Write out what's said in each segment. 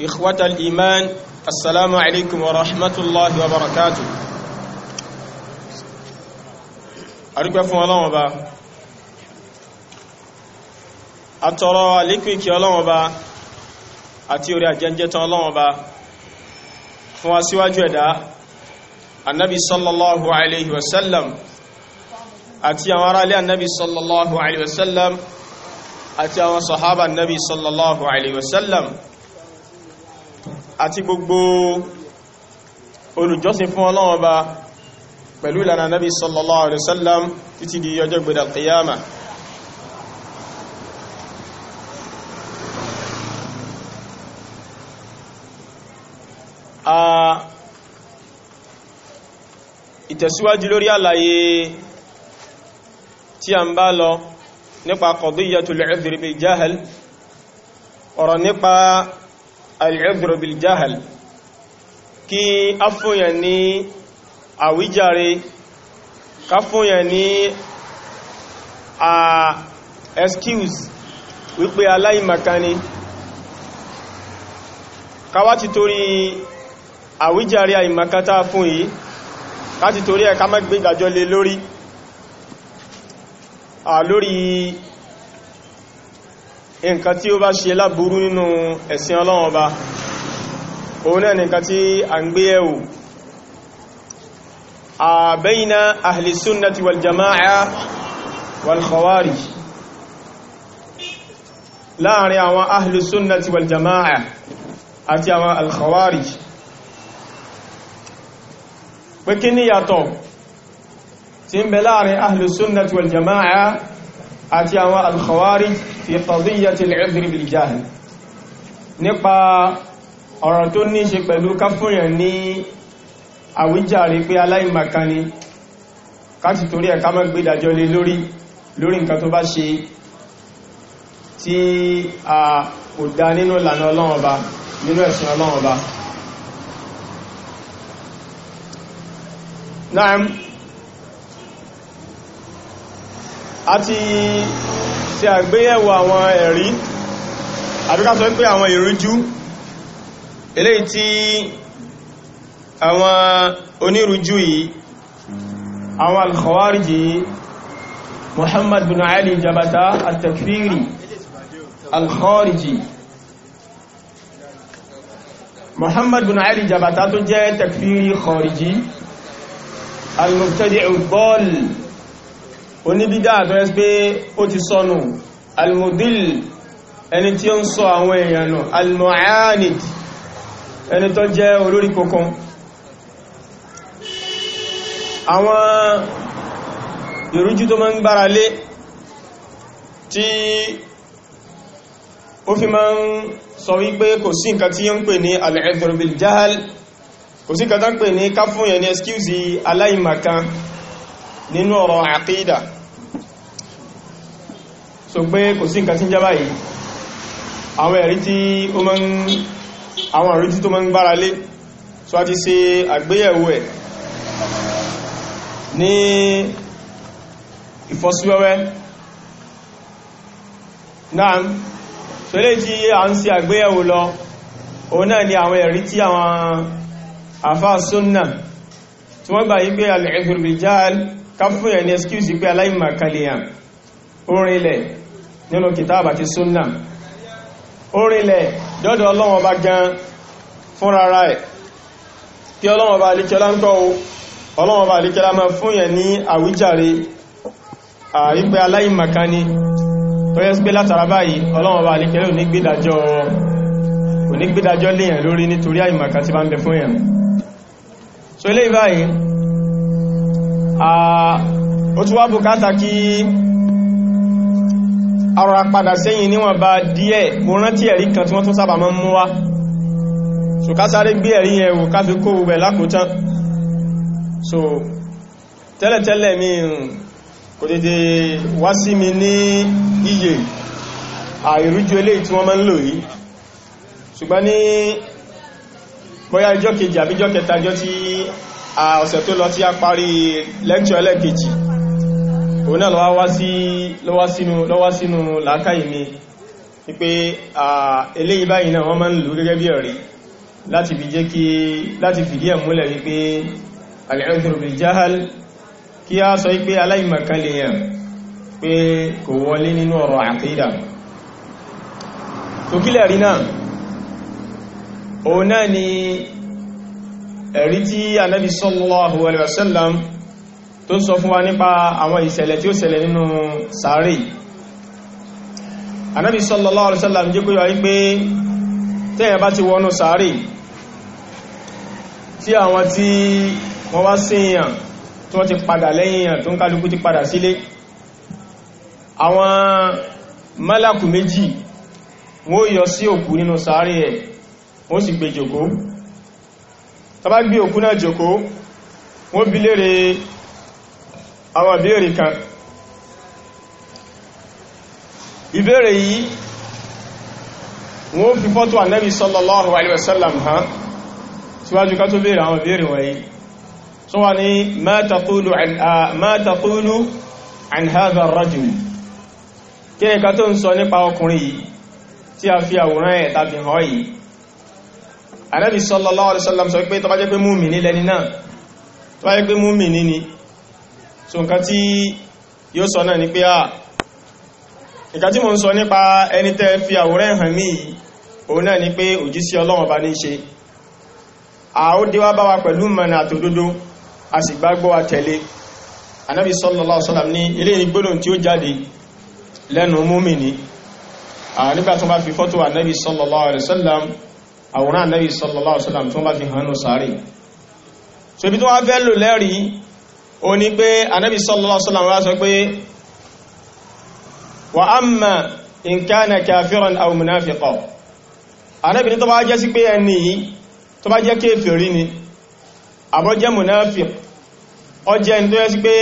إخوة الإيمان السلام عليكم ورحمة الله وبركاته أرجو فún Ọlọ́run Ọba atọrọ àlékún ìkẹ́ Ọlọ́run Ọba àti orí àjẹjẹ tán Ọlọ́run Ọba fún aṣíwájú ẹ̀dá annabi sallallahu alaihi wasallam àti àwọn ará ilé annabi sallallahu alaihi wasallam àti àwọn sahaba annabi sallallahu alaihi wasallam àti gbogbo olùjọ́sìn fún Ọlọ́run Ọba pẹ̀lú ìlànà Nabi sallallahu alaihi wasallam títí di ọjọ́ gbẹ̀dà kìyàmà ìtẹ̀síwájú lórí àlàyé tí a ń bá lọ nípa qadiyatul udhr bil jahl ọ̀rọ̀ nípa al-udhr bil jahl kí a fúnyàn ní àwíjàre ká fúnyàn ní a excuse wípé aláìmakani káwá ti torí àwíjàre àìmakátá fún yìí ká ti torí ẹ̀ ká má gbé ìdájọ́ lé lórí lórí nǹkan tí ó bá ṣe láburú nínú ẹ̀sìn Ọlọ́run ọba òun náà nìkan tí a ń gbé ẹ̀wò àbẹ́yìnà ahli sunnati wal jama'a wal khawarij láàrin àwọn ahli sunnati wal àti àwọn al pé kí ni yàtọ̀ tí ń bẹ láàrin ahli sunnati wal àti àwọn al-khawarij fi qadiyyati al-'udhr bil-jahl nípa ọ̀rọ̀ tó ní ṣe pẹ̀lú káfúnyàn ní àwíjàre pé aláìmàkani káti torí ẹ̀ká mọ́ gbé ìdájọ́ lé lórí lórí nǹkan tó bá ṣe tí a kò dá nínú ìlànà Ọlọ́run nínú ẹ̀sìn Ọlọ́run àti ṣe àgbéyẹ̀wò àwọn ẹ̀rí àbíká sọ pé àwọn ìrújú eléyìí tí àwọn onírújú yìí àwọn al-Khawarij yìí Muhammad bin Ali Jabata at-Takfiri al-Khariji Muhammad bin Ali Jabata tó jẹ́ Takfiri Khariji al-Mubtadi'u ad-Dall oníbídá àtọ́rẹ́ pé ó ti sọnù almudil ẹni tí ó ń sọ àwọn èèyàn nù almu'anid ẹni tó jẹ́ olórí kọ̀kan àwọn ìrújú tó máa ń gbára lé tí ó fi máa ń sọ wípé kò sí nǹkan tí ó ń pè ní al-'udhr kò sí nǹkan tó ń pè ní káfún yẹn ní aláìmàkan nínú ọ̀rọ̀ àkídà so pé kò sí nǹkan tí ń jábá yìí àwọn ẹ̀rí tí ó mọ́ ń àwọn ẹ̀rí tí tó mọ́ ń gbára lé so a ti ṣe àgbéyẹ̀wò ẹ̀ ní ìfọ́síwẹ́wẹ́ náà so lè tí a ń ṣe àgbéyẹ̀wò lọ òun náà ni àwọn ẹ̀rí tí àwọn àfáà súnnà tí wọ́n gbà yí pé alẹ́gbẹ̀rẹ̀ jáàl ká fún ẹ̀ ní excuse pé aláìmàkalẹ̀ orin ilẹ̀ nínú kìtàbà ti súnnà orílẹ̀ dọ́dọ̀ ọlọ́wọ́n bá gan fúnrara ẹ̀ kí ọlọ́wọ́n bá alikẹ́lá ń kọ́ o ọlọ́wọ́n bá alikẹ́lá máa fún yẹn ní àwíjàre àrípẹ́ aláìmàkání tó yẹ́ pé látara báyìí ọlọ́wọ́n bá alikẹ́lá onígbìdájọ́ léyàn lórí nítorí arọ́ra padà sẹ́yìn níwọ̀n bá díẹ̀ mo rántí ẹ̀rí kan tí wọ́n tún sábà máa ń mú wá so ká sáré gbé ẹ̀rí yẹn wò ká fi kó wẹ̀ lákòótán so tẹ́lẹ̀tẹ́lẹ̀ mi mm, kò dédé wá sí mi ní iye àìrújú eléyìí tí wọ́n máa ń lò yìí ṣùgbọ́n ní bóyá ìjọ́ kejì àbíjọ́ kẹta jọ tí ọ̀sẹ̀ tó lọ tí a parí lẹ́kṣọ́ ẹlẹ́kejì òun náà lọ́wá sínú làákàyè mi wípé eléyìí báyìí náà wọ́n máa ń lò gẹ́gẹ́ bí ẹ̀rí láti fi jẹ́ kí láti fìdí ẹ̀ múlẹ̀ wípé al-udhru bil jahal kí a sọ wípé aláìmọ̀kan lè yàn pé kò wọlé nínú ọ̀rọ̀ àkídà tó kílẹ̀ rí náà òun ni ẹ̀rí tí Ànábì sallallahu alaihi wasallam tó ń sọ fún wa nípa àwọn ìṣẹ̀lẹ̀ tí ó ṣẹlẹ̀ nínú sàárè anábi sallallahu alaihi wasallam jẹ́ kó yọ wípé tẹ́yàn bá ti wọnú sàárè tí àwọn tí wọ́n wá sí èèyàn tí wọ́n ti padà lẹ́yìn èèyàn tó ń kálukú ti padà sílé àwọn málàkù méjì wọ́n yọ sí òkú nínú sàárè ẹ̀ wọ́n sì gbé jòkó tá gbé òkú náà jòkó wọ́n bi léèrè àwọn ìbéèrè kan ìbéèrè yìí wọ́n fi fọ́tò ànábì sallallahu alaihi wasallam hàn síwájú ká tó béèrè àwọn ìbéèrè wọ̀nyí tó wà ní ma taqulu an hadha ar-rajul kí ni ká tó ń sọ nípa ọkùnrin yìí tí a fi àwòrán ẹ̀ tàbí hàn yìí ànábì sallallahu alaihi wasallam sọ pé tó bá jẹ́ ni so nǹkan tí yóò sọ náà ni pé à ah, nǹkan tí mo ń sọ nípa ẹni tẹ́ fi àwòrán hàn mí yìí òun ni pé òjíṣẹ́ Ọlọ́run ọba ní ṣe àó déwá bá wa pẹ̀lú mọ̀nà àtòdodo a sì gbàgbọ́ wa tẹ̀lé anábi sallallahu alaihi wasallam ní ilé ìgbóhùn tí ó jáde lẹ́nu múmìnì nígbà tó bá fi fọ́tò anábi sallallahu alaihi wasallam àwòrán anábi sallallahu alaihi wasallam tó bá fi hànú sáré so ibi tó wá fẹ́ lò lẹ́rìí ó ní pé anábi sallallahu alaihi wasallam wá sọ pé wa amma in kana kafiran aw munafiqa anábi ní tó bá jẹ́ sí pé ẹni yìí tó bá jẹ́ kéfèrí ni àbọ́jẹ́ munafiq ọjẹ́ ní tó yẹ́ sí pé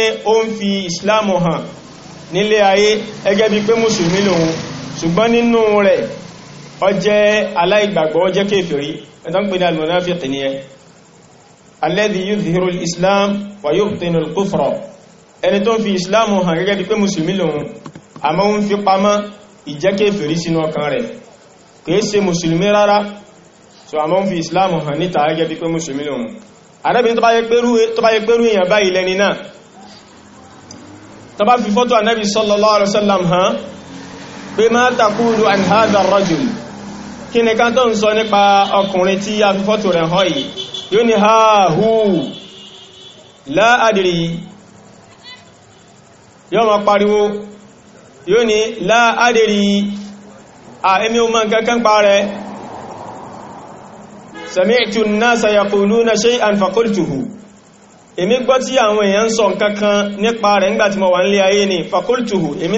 alẹ́dì yúzìhìrò islam wà yóò tẹnu kúfọ̀rọ̀ ẹni tó ń fi islam hàn gẹ́gẹ́ bí pé musulmi lòun àmọ́ ń fi pamọ́ ìjẹ́kẹ́ fèrí sínú ọkàn rẹ̀ kìí ṣe musulmi rárá so àmọ́ ń fi islam hàn níta gẹ́gẹ́ bí pé musulmi lòun arábìnrin tó bá yẹ pẹ́rú èèyàn báyìí lẹ́ni náà tó bá fi fọ́tò yóò ní ha hù láàdìrí yóò ma pariwo yóò ní láàdìrí a emi o ma kankan parẹ sami'tu an-nasa yaquluna shay'an faqultuhu èmi gbọ́ tí àwọn èèyàn sọ nǹkan nípa rẹ̀ nígbàtí mo wà nílé ayé ni faqultuhu èmi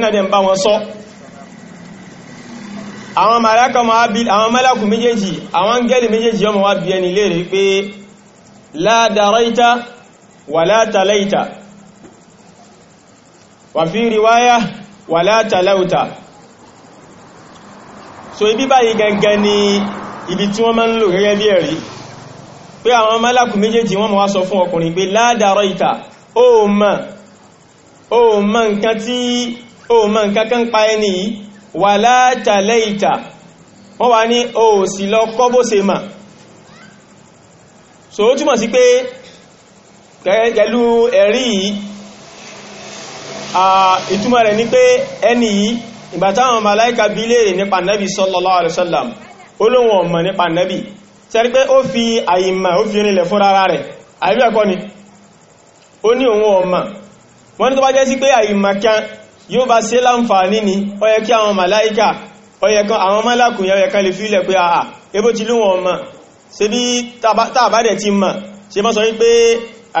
náà dẹ̀ ń bá wọn sọ so àwọn màláíkà máa bí àwọn mẹ́lẹ́kù méjèèjì àwọn áńgẹ́lì méjèèjì yọ́ wá bí ẹni léèrè pé la daraita wala talaita wà fi riwaya wala talauta so ibi báyìí gẹ́gẹ́ ni ibi tí wọ́n máa ń lò gẹ́gẹ́ bí ẹ̀rí pé àwọn mẹ́lẹ́kù méjèèjì wọ́n ma wá sọ fún ọkùnrin pé la daraita ó mọ̀ ó mọ̀ nǹkan tí ó mọ̀ nǹkan kan pa ẹni yìí wàlá tàlẹ́ ìta wọ́n wá ní o sì lọ kọ́ bó ṣe mà so ó túmọ̀ sí pé pẹ̀lú ẹ̀rí yìí ìtumọ̀ rẹ̀ ní pé ẹni yìí ìgbà táwọn màláíkà bi nípa nẹ́bì sallallahu alaihi wasallam olóhun ọmọ nípa nẹ́bì tẹ́rí pé ó fi àyìmà ó fi onílẹ̀ fún rárá rẹ̀ àríwẹ̀kọ́ ni ó ní òun ọmọ wọ́n ní tó bá jẹ́ sí pé àyìmà yóò bá ṣe láǹfààní ni ó yẹ kí àwọn màláíkà ó yẹ kan àwọn mọ́lákùn yẹ kan lè fílẹ̀ pé àà ebó ti lúwọ̀n ọmọ ṣe bí tàbádẹ̀ ti mọ̀ ṣe mọ́ sọ wípé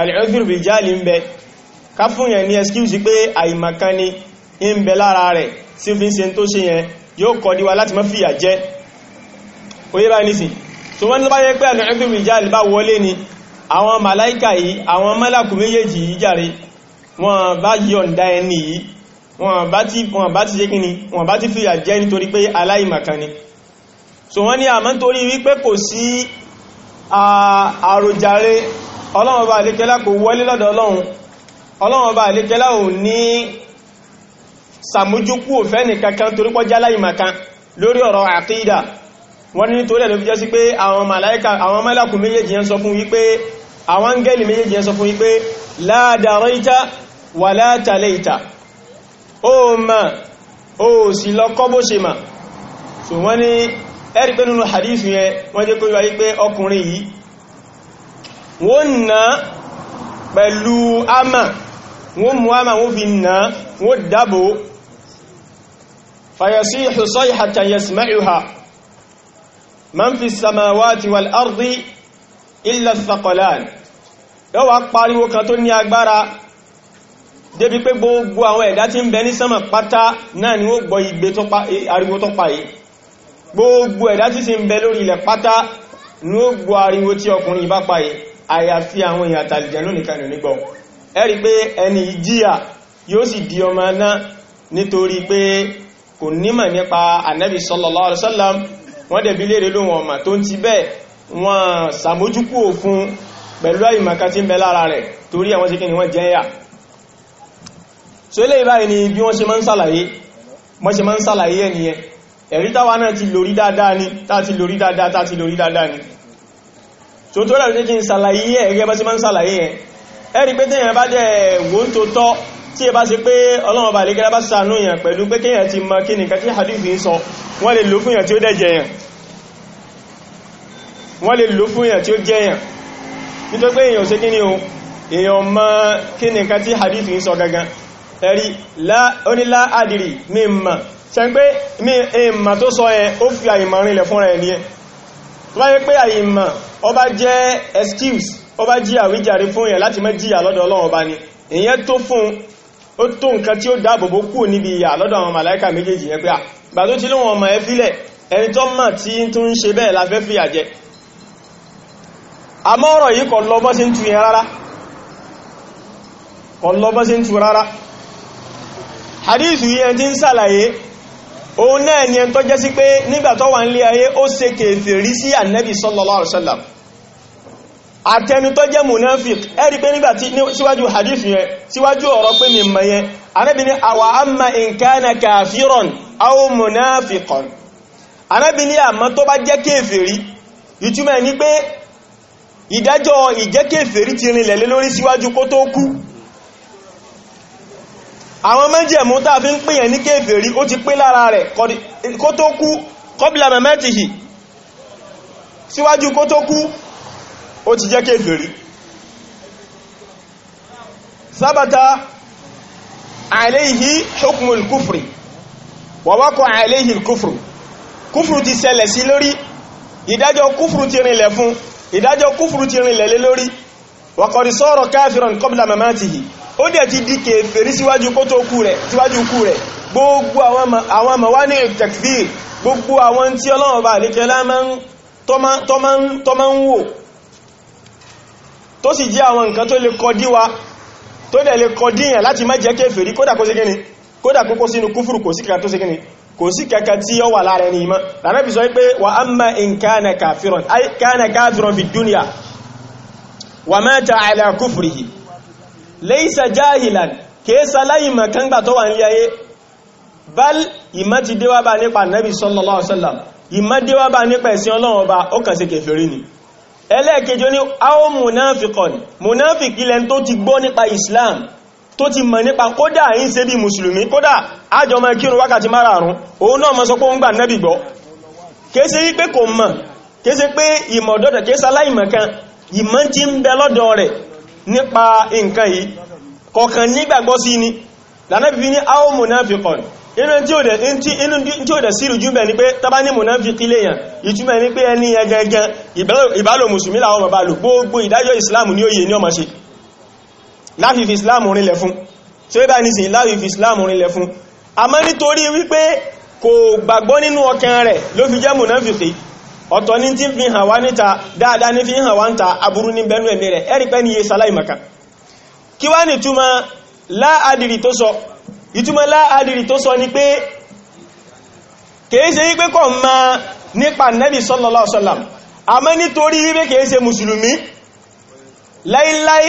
àlẹ́fìrìbìjáàlì ń bẹ ká fún yẹn ní ẹskíùsì pé àìmọ̀kan ni ń bẹ wọ́n bá yẹ pé ni àwọn màláíkà yìí àwọn mọ́lákùn méjèèjì yìí ẹni yìí wọn bá ti wọn bá ṣe kí ni wọn bá ti fìyà jẹ nítorí pé aláìmọ̀kan ni so wọ́n ní àmọ́ torí wípé kò sí àròjàre ọlọ́run ọba àlékẹ́lá kò wọlé lọ́dọ̀ ọlọ́run ọlọ́run ọba àlékẹ́lá ò ní sàmójúkú òfẹ́ni kankan torí pọ́ jálá ìmọ̀kan lórí ọ̀rọ̀ àkídà wọ́n ní la daraita wala talaita ó ma ó sì lọ́kọ́ bó ṣe ma so wọ́n ní ẹ̀rí pé nínú hadithu yẹn wọ́n jẹ́ pé wáyé pé ọkùnrin yìí wọ́n na pẹ̀lú ama wọ́n mú ama wọ́n fi na wọ́n dábò fàyẹ̀sí ìṣọ́ ìhàtà yasma'uha man débi pé gbogbo àwọn ẹ̀dá tí ń bẹ ní sánmà pátá náà ni ó gbọ́ igbe eh, ariwo tó pa yìí gbogbo ẹ̀dá tí sì ń bẹ lórí ilẹ̀ pátá ni ó gbọ́ ariwo tí ọkùnrin bá pa yìí àyàfi àwọn èèyàn àtàlìjẹ̀nú nìkan ní gbọ́ ẹ̀rí pé ẹni ìjìyà yóò sì di ọmọ náà nítorí pé kò nímọ̀ nípa ànábì sallallahu alaihi wasallam wọ́n dẹ̀bi léèrè lóhun ọmọ so ilé ìbáyìí ni bí wọ́n ṣe máa ń sàlàyé wọ́n ṣe máa ń sàlàyé ẹniyẹn ẹ̀rí táwa náà ti lórí dáadáa ni tá ti lórí dáadáa tá ti lórí dáadáa ni so tó rẹ̀ kí n sàlàyé ẹ̀rí ẹbá ṣe máa ń sàlàyé yẹn ẹ̀rí pé téèyàn bá dẹ̀ wò ń tó tọ́ tí ẹ bá ṣe pé ọlọ́run bá lè kẹ́lá bá sànú yẹn pẹ̀lú pé kéèyàn ti mọ kí nìkan tí hadith ń sọ wọ́n lè lò fún yẹn tí ó dẹ̀ jẹ yẹn nítorí pé èèyàn ò ṣe kí ni o èèyàn mọ kí nìkan tí hadith ń sọ gangan ẹ̀rí onílá àdìrí mímọ̀ ṣe ń pé mímọ̀ tó sọ ẹ ó fi àìmọ̀ rinlẹ̀ fún rẹ̀ ní ẹ tó bá yẹ pé àìmọ̀ ó bá jẹ́ excuse ó bá jí àwíjàre fún yẹn láti má jìyà lọ́dọ̀ Ọlọ́run bá ní ìyẹn tó fún ó tó nǹkan tí ó dáàbòbò kú níbi ìyà lọ́dọ̀ àwọn màláìkà méjèèjì yẹn pé à gbà tó ti lóhun ọmọ ẹ fílẹ̀ ẹni tó mọ̀ tí tó ń ṣe bẹ́ẹ̀ la fẹ́ fìyà jẹ àmọ́ ọ̀rọ̀ yìí kọ̀ lọ bọ́ ń tu rárá hadithu yìí ẹni tí ń sàlàyé òun náà ni ẹni tó jẹ́ sí pé nígbà tó wà nílé ayé ó ṣe kèfèrí sí ànábì sallallahu alaihi wasallam àtẹni tó jẹ́ munafik ẹ́rí pé nígbà tí síwájú hadith yẹn síwájú ọ̀rọ̀ pé mi mọ̀ yẹn anábi ni àwà amma in kana kafiron aw munafikon anábi ni àmọ́ tó bá jẹ́ kéfèrí ìtumọ̀ ní pé ìdájọ́ ìjẹ́ kéfèrí ti rinlẹ̀ lórí síwájú kó tó kú àwọn mẹ́jẹ̀mú tàbí ń pèyàn ní kéfèrí ó ti pé lára rẹ̀ kó tó kú kọ́bílà mẹ́mẹ́tìhì síwájú kó tó kú ó ti jẹ́ kéfèrí sábàtà àìléhì hukmul kúfrì wọ́wọ́kọ̀ àìléhì kúfrù kúfrù ti ṣẹlẹ̀ sí lórí ìdájọ́ kúfrù ti rinlẹ̀ fún ìdájọ́ kúfrù ti rinlẹ̀ lé lórí wàkọ̀dì sọ́rọ̀ káfíràn kọ́bílà mẹ́mẹ́tìhì ó dẹ̀ ti di kèfèrí síwájú kó tó kú rẹ̀ síwájú kú rẹ̀ gbogbo àwọn àmàwá ní takfir gbogbo àwọn tí ọlọ́run bá lè kẹlá tó máa ń wò tó sì jẹ́ àwọn nǹkan tó lè kọdí wa tó dẹ̀ lè kọdí yàn láti má jẹ́ kèfèrí kódà kó sí kíni kódà kó sínú kúfùrù kò sí kankan tó sí kíni kò sí kankan tí ó wà lára ẹni ìmọ̀ lànàbì sọ pé wa amma in kana kafiran ay kana kafiran fi dunya wa laysa jahilan kèésà láyìí mọ̀kángbà tó wà ní ayé bal ìmá ti déwà bá nípa nabi sallallahu alaihi wasallam ìmá déwà bá nípa ẹ̀sìn ọlọ́run ọba ó kàn sí kèfèrí ni ẹlẹ́ẹ̀kejì ní àwọn munafikon munafik ilẹ̀ tó ti gbọ́ nípa islam tó ti mọ̀ nípa kódà yín ṣe bí mùsùlùmí kódà ájọmọ kírun wákàtí márààrún òun náà mọ́ sọ pé ó ń gbà nẹ́bì gbọ́ kéèsé wípé kò mọ̀ kéèsé pé ìmọ̀ ọ̀dọ́dọ̀ kéèsá láìmọ̀ kan ìmọ̀ tí nípa nǹkan yìí kọ̀kan nígbàgbọ́ sí ni lànàbí ní àwọn munafiqun inú tí ó dẹ̀ sí ìrújú bẹ̀ ni pé tàbá ní munafiki léyàn ìtumọ̀ ni pé ẹni ẹgẹgẹ ìbálò mùsùlùmí làwọn bàbá lò gbogbo ìdájọ́ ìsìláàmù ní òye ní ọmọ ṣe láfífi ìsìláàmù rinlẹ̀ fún tí ó bá ní sí láfífi ìsìláàmù rinlẹ̀ fún àmọ́ nítorí wípé kò gbàgbọ́ nínú ọkàn ọ̀tọ̀ ní tí fi hàn wá níta dáadáa ní fi hàn wá níta aburú ní bẹnu ẹ̀mí rẹ̀ ẹ̀rí pẹ́ ni iye sáláì maka kí wá ní túmọ̀ láàdìrì tó sọ ìtúmọ̀ láàdìrì tó sọ ni pé kèése wípé kọ̀ ma nípa nẹ́bì sallallahu alaihi wasallam àmọ́ nítorí wípé kèése mùsùlùmí láíláí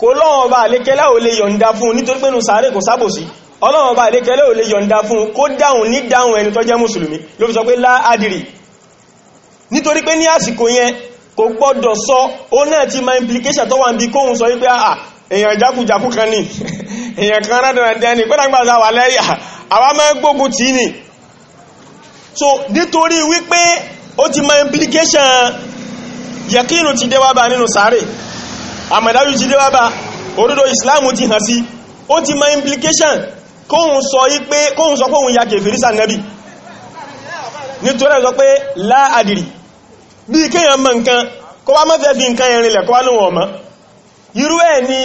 kò lọ́wọ́ bá àlékẹ́lẹ́ ò lè yọ̀ǹda fún nítorí pé nù sàárè kò sábòsí ọlọ́wọ́ bá àlékẹ́lẹ́ ò lè yọ̀ǹda fún kó dáhùn ní dáhùn ẹni tó jẹ́ mùsùlùmí ló fi sọ pé láàdìrì nítorí pé ní àsìkò yẹn kò gbọ́dọ̀ sọ ó náà ti ma implication tó wà ń bí kóhun sọ wípé àà ah, ah, èèyàn jákùjákù kan ní èèyàn kan rádìrádìá ní pẹ́dàgbàza wà lẹ́yà ah, àwa máa gbógun tì ní so nítorí wípé ó ti ma implication yẹkínù ti dé wábà nínú sáré àmàdájú ti dé wábà òdodo ìsìláàmù ti hàn sí ó ti ma implication kóhun sọ wípé kóhun sọ pé òun ya kèfèrí sànẹ́bì nítorí ẹ̀ sọ pé láàdìrì bí kéèyàn mọ̀ nǹkan kó wá mọ́fẹ́ fi nǹkan ẹ̀rin lẹ̀ kó wá níwọ̀n mọ́ irú ẹ̀ ni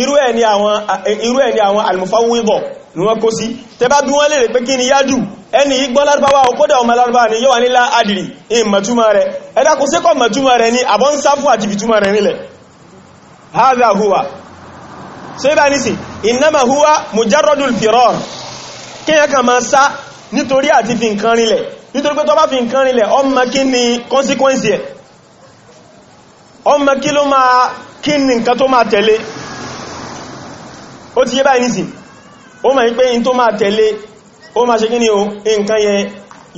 irú ẹ̀ ni àwọn irú ẹ̀ ni àwọn almufawwidọ̀ ni wọ́n kó sí tẹbá bí wọ́n lè rẹ̀ pé kí ni yádù ẹni igbọ́ lárúbáwá kódà ọmọ lárúbáwá ni yọ́wà nílá adìrì ìmọ̀túmọ̀ rẹ̀ ẹ̀dá kò sékọ̀ mọ̀túmọ̀ rẹ̀ ni àbọ́n rẹ̀ nítorí àti fi nǹkan rinlẹ̀ nítorí pé tó bá fi nǹkan rinlẹ̀ ọmọ kí ni consequence ẹ̀ ọmọ kí ló máa kí ni nǹkan tó máa tẹ̀lé ó ti yé báyìí nìsìn ó mọ̀ pé in tó máa tẹ̀lé ó máa ṣe kí ni o nǹkan yẹn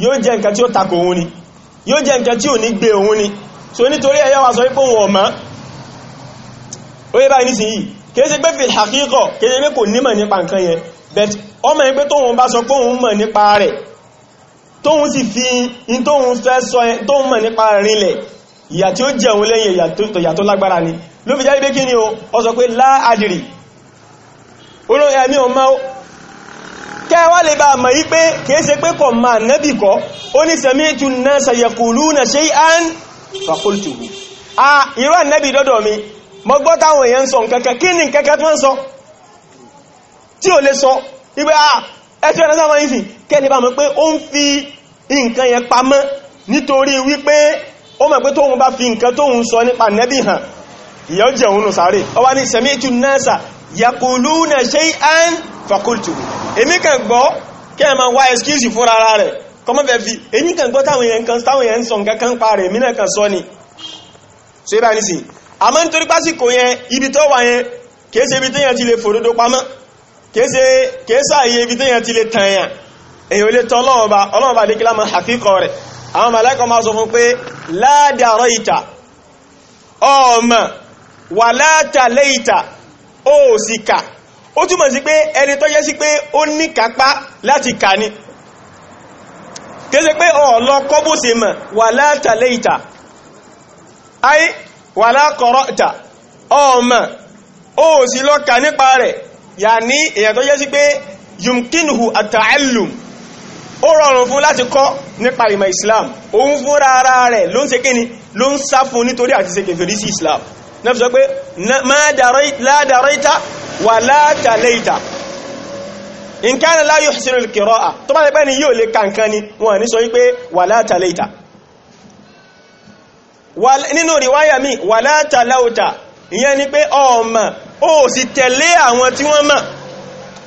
yóò jẹ́ nǹkan tí ó takò òun ni yóò jẹ́ nǹkan tí ò ní gbé òun ni so nítorí ẹ̀yọ́ wa sọ wípé òun ọ̀mọ́ ó yé báyìí nìsìn yìí kìí ṣe pé fil haqiqa kìí ṣe pé kò nímọ̀ nípa nǹkan yẹn but ọmọ ẹgbẹ́ tóhun bá sọ póhun mọ̀ nípa rẹ̀ tóhun sì fi in tóhun fẹ́ sọ tóhun mọ̀ nípa rinlẹ̀ ìyà tí ó jẹun lẹ́yìn ìyà tó lágbára ni ló fi jáde pé kí ni o ọ sọ pé láàdìrì olóyìn ẹ̀mí ọmọ kẹwàá lè bá mọ̀ yí pé kìí ṣe pé kọ̀ máa nẹ́bì kọ́ ó ní sẹ̀mí tún náà sàyẹ̀kùlú na ṣe án fàkóltùwù a irú ànẹ́bì dọ́dọ̀ mi mọ́gbọ́táwọn èèyàn sọ nǹkankan kí ni nǹkankan tó ń sọ tí ò lè sọ ìgbé à ah, ẹ̀tí ọ̀nà sáwọn ìsìn kẹ́lẹ̀ bá mọ̀ pé ó ń fi nǹkan yẹn pamọ́ nítorí wípé ó mọ̀ pé tóun bá fi nǹkan tóun sọ nípa nẹ́bì hàn ìyà ó jẹun nù sáré ọwá ní sami'tu nasa yaquluna shay'an faqultu èmi kàn gbọ́ kí ẹ máa wá ẹ̀skíùsì fúnra ara rẹ̀ kọmọ́ fẹ́ fi èmi kàn gbọ́ táwọn èèyàn kan táwọn èèyàn sọ nǹkan kan pa rẹ̀ èmi náà kan sọ ni ṣe bá ní sí àmọ́ nítorí pásìkò yẹn ibi tó wà yẹn kìí ṣe ibi tó yẹn ti lè fòdodo pamọ́ kéèsà iye ibi téèyàn ti lè tàyàn èyàn lè tọ́ ọlọ́ọ̀ba ọlọ́ọ̀ba lè kílámọ̀ àfíkọ rẹ̀ àwọn màláíkà máa sọ fún pé ládàárọ̀ ìta ọmọ wà látàlẹ́ ìta ó sì kà ó túmọ̀ sí pé ẹni tó jẹ́ sí pé ó ní kápá láti kà ní kéèsè pé ọ̀ọ̀lọ́ kọ́bùsì mọ̀ wà látàlẹ́ ìta ayé wà lákọ̀ọ́rọ̀ ìta ọmọ ó sì lọ kà nípa rẹ̀ yà ní èyàn tó jẹ́ sí pé yumkinuhu at-ta'allum ó rọrùn fún láti kọ́ nípa ìmọ̀ islam òun fún rárá rẹ̀ ló ń ṣe kíni ló ń sá fún nítorí àti ṣe kèfèrí sí islam náà fi sọ pé la daraita wa la talaita in kana la yuhsinu al-qira'a tó bá pẹ́ ni yóò lè kankan ni wọ́n ní sọ wípé wa la nínú riwaya mi wa la ìyẹn ni pé ọmọ ó sì tẹ̀lé àwọn tí wọ́n mọ̀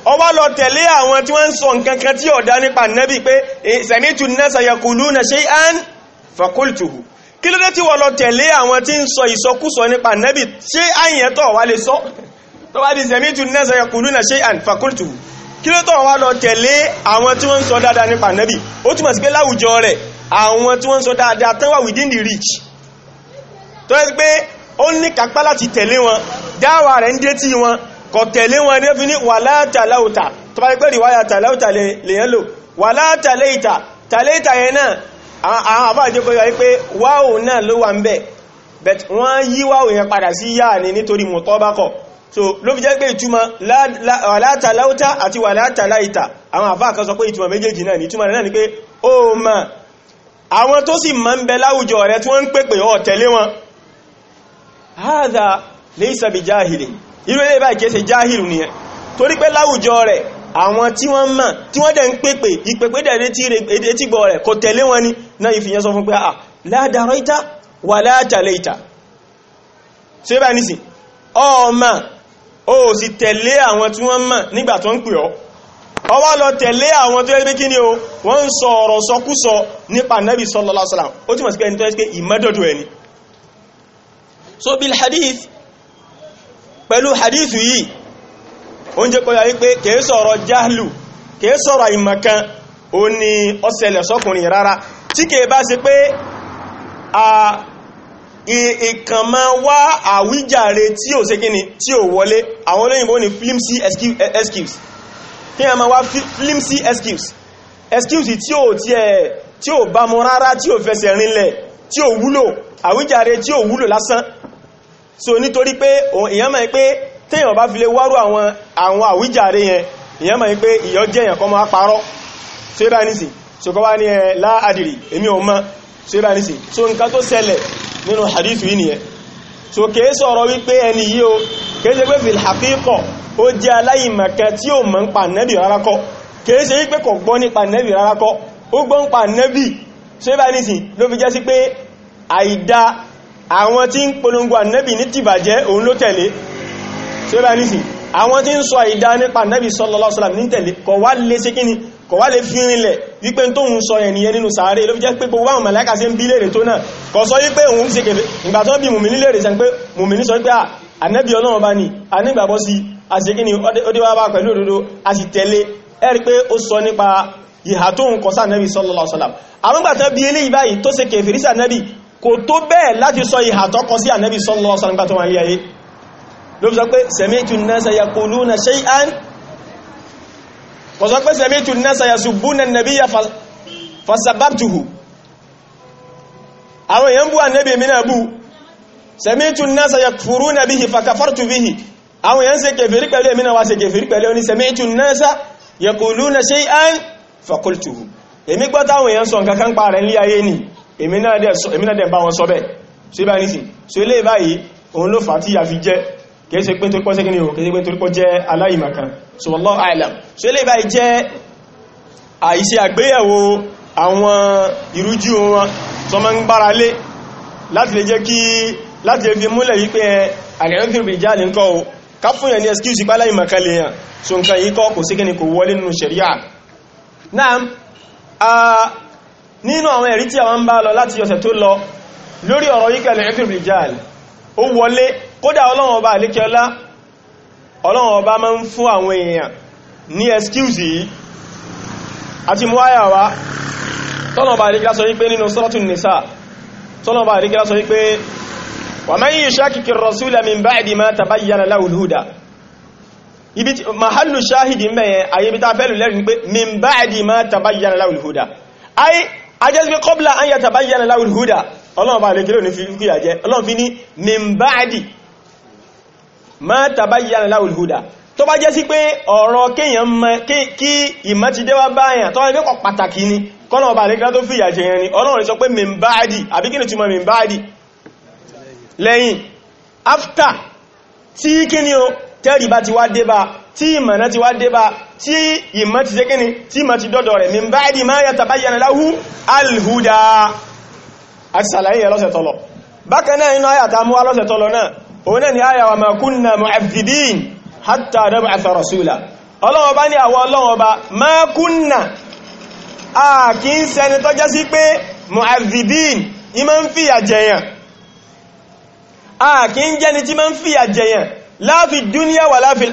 ó wá lọ tẹ̀lé àwọn tí wọ́n ń sọ nǹkan kan tí ọ̀dá nípa nẹ́bí pé sẹ̀mítù nẹ́sà yẹkùlú na ṣe án fàkúltùhù kí ló dé tí wọ́n lọ tẹ̀lé àwọn tí ń sọ ìsọkúsọ nípa nẹ́bí ṣe àyẹ̀ tọ̀ wá lè sọ tó bá di sẹ̀mítù nẹ́sà yẹkùlú na ṣe án fàkúltùhù kí ló tọ̀ wá lọ tẹ̀lé àwọn tí wọ́n ń sọ dáadáa nípa nẹ́bí ó túmọ̀ sí pé láwùjọ rẹ̀ àwọn tí wọ́n ń sọ dáadáa tán wà within the reach tó yẹ pé ó ní kápá láti tẹ̀lé wọn dáwà rẹ̀ ń dé tí wọn kọ̀ tẹ̀lé wọn ní fi ní wà látàláùtà tó bá pẹ́ ríwáyà tàláùtà lèyàn lò wà látàléìtà tàléìtà yẹn náà àwọn àbá àjẹ́kọ́ yọ wípé wáwò náà ló wà ń bẹ̀ but wọ́n yí wáwò yẹn padà sí yáà ni nítorí mọ̀tọ́bákọ̀ so ló fi jẹ́ pé ìtumọ̀ wà látàláùtà àti wà látàláìtà àwọn àbá kan sọ pé ìtumọ̀ méjèèjì náà ni ìtumọ̀ náà ni pé ó mà àwọn tó sì máa ń bẹ láwùjọ rẹ tí wọ́n ń pèpè ọ̀ tẹ̀lé wọn hádà laysa bi jáhìlì irú ilé báyìí kìí ṣe jáhìlù nìyẹn torí pé láwùjọ rẹ̀ àwọn tí wọ́n mọ̀ tí wọ́n dẹ̀ ń pèpè ìpèpè dẹ̀ etígbọ̀ rẹ̀ kò tẹ̀lé wọn ni náà ìfìyàn sọ fún pé à ládàrọ̀ ìta wà látàlẹ̀ ìta ṣe bá nìsìn ọmọ o sì tẹ̀lé àwọn tí wọ́n mọ̀ nígbà tó ọwọ́ lọ tẹ̀lé àwọn tó ẹgbẹ́ kí ni o wọ́n ń sọ ọ̀rọ̀ sọkúsọ nípa nẹ́bì sallallahu alaihi wasallam ó túnmọ̀ sí pé ẹni tó ẹ́ so bil hadith pẹ̀lú hadith yìí o ń jẹ́ kọ́ ya wípé kìí sọ̀rọ̀ jahlu kìí sọ̀rọ̀ ìmọ̀kan o ní ọsẹlẹ̀ sọ́kùnrin rárá tí kìí bá ṣe pé a ìkàn máa wá àwíjàre tí ò ṣe kíni tí ò wọlé àwọn olóyìnbó ní flimsy excuse kí a máa wá flimsy excuse excuse tí ò tiẹ̀ tí ò bá mu rárá tí ò fẹsẹ̀ rinlẹ̀ tí ò wúlò àwíjàre tí ò wúlò lásán so nítorí pé èyàn mọ̀ pé téèyàn bá fi lè wárú àwọn àwọn àwíjàre yẹn èyàn mọ̀ pé ìyọ́ jẹ́yàn kọ́ máa parọ́ so ibà nìsì so kọ́ wá ní ẹ eh, láàdìrì èmi ò mọ̀ hadithu yìí nìyẹn so kèé sọ̀rọ̀ wípé ẹni yìí o kèé ṣe pé fil haqiqa ó jẹ́ aláìmọ̀kẹ́ tí ó mọ̀ ń pa nẹ́bì rárá kọ́ kèé ṣe wípé kò so ibà nìsì ló fi jẹ́ sí àwọn tí ń polongo ànẹ́bì ní tìbàjẹ́ òun ló tẹ̀lé tí ó bá ní sí àwọn tí ń sọ ìdá nípa ànẹ́bì sallallahu alaihi wasallam ní tẹ̀lé kọ̀ wá lè ṣe kíni kọ̀ wá lè fi rinlẹ̀ wípé tó ń sọ ẹ̀nìyẹn nínú sàárè ló fi jẹ́ pé gbogbo àwọn màláíkà sí ń bí léèrè tó náà kọ̀ sọ wípé òun ṣe kèfé ìgbà tó bí mùmí léèrè sẹ pé sallallahu alaihi wasallam àwọn gbàtọ́ bí eléyìí báyìí tó kò tó bẹ́ẹ̀ láti sọ ìhà tọ́kọ sí ànẹ́bì sallallahu alaihi wasallam tó wà ní ayé ló fi sọ pé sami'tu an-nasa yaquluna shay'an wọ́n sọ pé sami'tu an-nasa yasubbuna an-nabiyya fasabbabtuhu àwọn èèyàn bú ànẹ́bì mi náà bú sami'tu an-nasa yakfuruna bihi fakafartu bihi àwọn èèyàn ṣe kèfèrí pẹ̀lú èmi náà wá ṣe kèfèrí pẹ̀lú ẹni sami'tu an-nasa yaquluna shay'an faqultuhu èmi gbọ́ táwọn èèyàn sọ nǹkan kan pa ní ayé ni èmi náà dẹ̀ bá wọn sọ bẹ́ẹ̀ ṣe bá nìsìn so ilé báyìí òun ló fà tí a fi jẹ́ kẹsẹ̀ pé torípọ́ sí kí ni o jẹ́ aláìmọ̀kan so wallahu a'lam so ilé báyìí jẹ́ àìṣe àgbéyẹ̀wò àwọn ìrújú wọn tó mọ́ ń gbára lé láti lè jẹ́ kí láti lè fi múlẹ̀ wípé àgẹ̀rẹ́fìn rìjá lè ń kọ́ so nǹkan yìí kọ́ kò sí kí nínú àwọn ẹ̀rí tí àwọn ń bá lọ láti ọ̀sẹ̀ tó lọ lórí ọ̀rọ̀ yíkẹ̀lẹ̀ ẹ̀fìrìjáàlì ó wọlé kódà ọlọ́run ọba àlékẹ́ọlá ọlọ́run ọba máa ń fún àwọn èèyàn ní ẹskíùsì yìí àti mú àyà Nisa tọ́lọ̀ ọba àlékẹ́lá sọ wípé wa man yushaqiqir rasula min ba'di ma tabayyana lahul huda ibi mahallu shahidi mẹ́yẹn ayébítà fẹ́lù lẹ́rin pé min ba'di ma tabayyana lahul huda ay ajẹ́ sí pé kọ́bílá an yàtà báyìí yànà láwùl húdà ọlọ́run bá lè kí ló ní fi kí àjẹ́ ọlọ́run fi ní mìmbáàdì má tàbáyìí yànà láwùl húdà tó bá jẹ́ sí pé ọ̀rọ̀ kéèyàn mọ kí ìmọ̀ ti dé wá báyàn after tí kí ni o tẹ́rì bá tí ìmọ̀nà ti wá débá tí ìmọ̀ ti jẹ́ kíni tí ìmọ̀ ti dọ́dọ̀ rẹ̀ min ba'di ma yatabayyana lahu al-huda àti sàlàyé yẹ lọ́sẹ̀ tọ́lọ̀ bákan náà inú àyàtà mú wá lọ́sẹ̀ tọ́lọ̀ náà òun náà ni àyà wa ma kunna mu'azzibin hatta nab'atha rasula ọlọ́wọ́ bá ní àwọ ọlọ́wọ́ bá ma kunna a kì í sẹni jẹ́ sí tí ma ń fìyà jẹyàn la fi dunya wala fil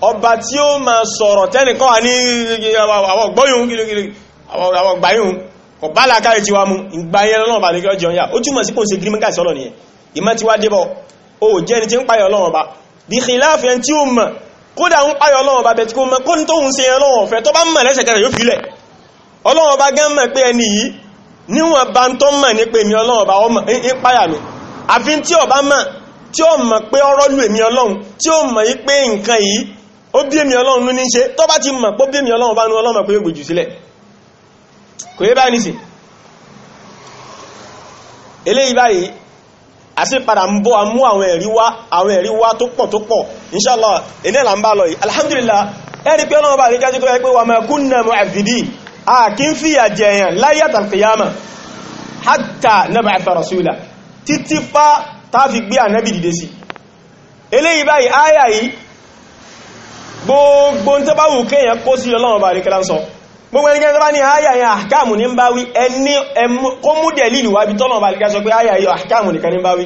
ọba tí ó ma sọ̀rọ̀ tẹ́nìkọ́ ní àwọ̀gbọ́yún àwọ̀gbáyún kò bá lákàrí tí wá mú ìgbáyẹn lọ́nà ọba lẹ́kẹ́ ọjọ́ ó túnmọ̀ sí kò sí gírímíkà sọ́lọ̀ nìyẹn ìmá ti wá débọ̀ ó jẹ́ ni tí ń páyọ̀ Ọlọ́run ọba bí kìláàfẹ́ tí ó mọ̀ kódà ń páyọ̀ Ọlọ́run ọba bẹ̀tí kó mọ̀ kó ní tó ń ṣe Ọlọ́run ó bí èmì ọlọ́run ló ní ṣe tó bá ti mọ̀ pó bí èmì ọlọ́run bá ní ọlọ́run pé gbèjù sílẹ̀ kò yé bá ní sí eléyìí báyìí àṣípadà ń bọ́ amú àwọn ẹ̀rí wá àwọn ẹ̀rí wá tó pọ̀ tó pọ̀ inshallah iná là ń alhamdulillah ẹ̀rí pé ọlọ́run bá rí kájú kunna mu'azzibin a kì ń fìyà jẹyàn hatta nab'atha rasula títí pa tá fi gbé ànábì dìde eléyìí báyìí áyà gbogbo tó bá wù kéèyàn kó sí ọlọ́run bá ríkẹ́lá ń sọ gbogbo ẹnikẹ́ni tó bá ní àyà yẹn àkáàmù ní ń bá wí ẹni kó mú dẹ̀lì ìlú wábi tọ́lọ̀ bá ríkẹ́ sọ pé àyà yọ àkáàmù nìkan ní bá wí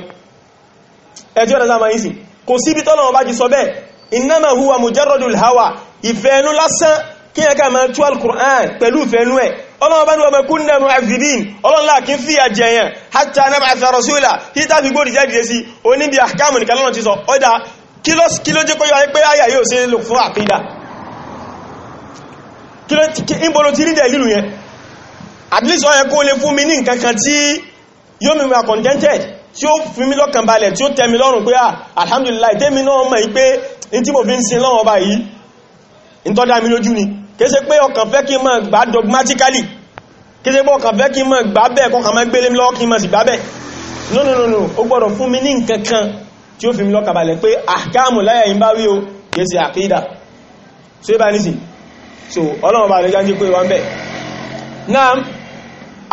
ẹjọ́ ọ̀dá sáà yìí kò sí ibi tọ́lọ̀ bá ju sọ bẹ́ẹ̀ innama huwa mujarradul hawa ìfẹ́ẹ̀nú lásán kí ẹ̀ká máa tú al-Qur'an pẹ̀lú ìfẹ́ẹ̀nú ẹ̀ ọlọ́run bá ní ọmọ kunna mu'azzibin ọlọ́nlá kí ń fi àjẹyàn hatta nab'atha rasula títà fi gbóòdì jẹ́ dìde sí oníbi ahkamu nìkan lọ́nà ti sọ ọ́dá kí ló kí ló jẹ́ kó yọ ayé pé àyà yóò ṣe lò fún àkídà kí ló tí ìbòrò tí rí dẹ̀lìlù yẹn at least ó yẹ kó lè fún mi ní nǹkan tí yóò mímọ̀ contented tí ó fi mí lọ́kàn balẹ̀ tí ó tẹ́ mi lọ́rùn pé ah, alhamdulillah tẹ́mi náà mọ̀ pé in tí mo fi ń sin lọ́wọ́ bá yìí in tọ́dá mi lójú ni kése pé ọkàn fẹ́ kí n máa gbà dogmatically kése pé ọkàn fẹ́ kí n máa gbà bẹ́ẹ̀ kọkàn máa gbélé lọ́wọ́ kí n máa sì gbà bẹ́ẹ̀ no no no no ó gbọ́dọ̀ fún mi ní nǹkan kan tí ó fi mi lọ́kàbalẹ̀ pé àkáàmù láyà yìí bá wí o kìí ṣe àkídà so ibá nìsì so ọlọ́run bá lẹ́jọ́ jí pé wọ́n bẹ̀ náà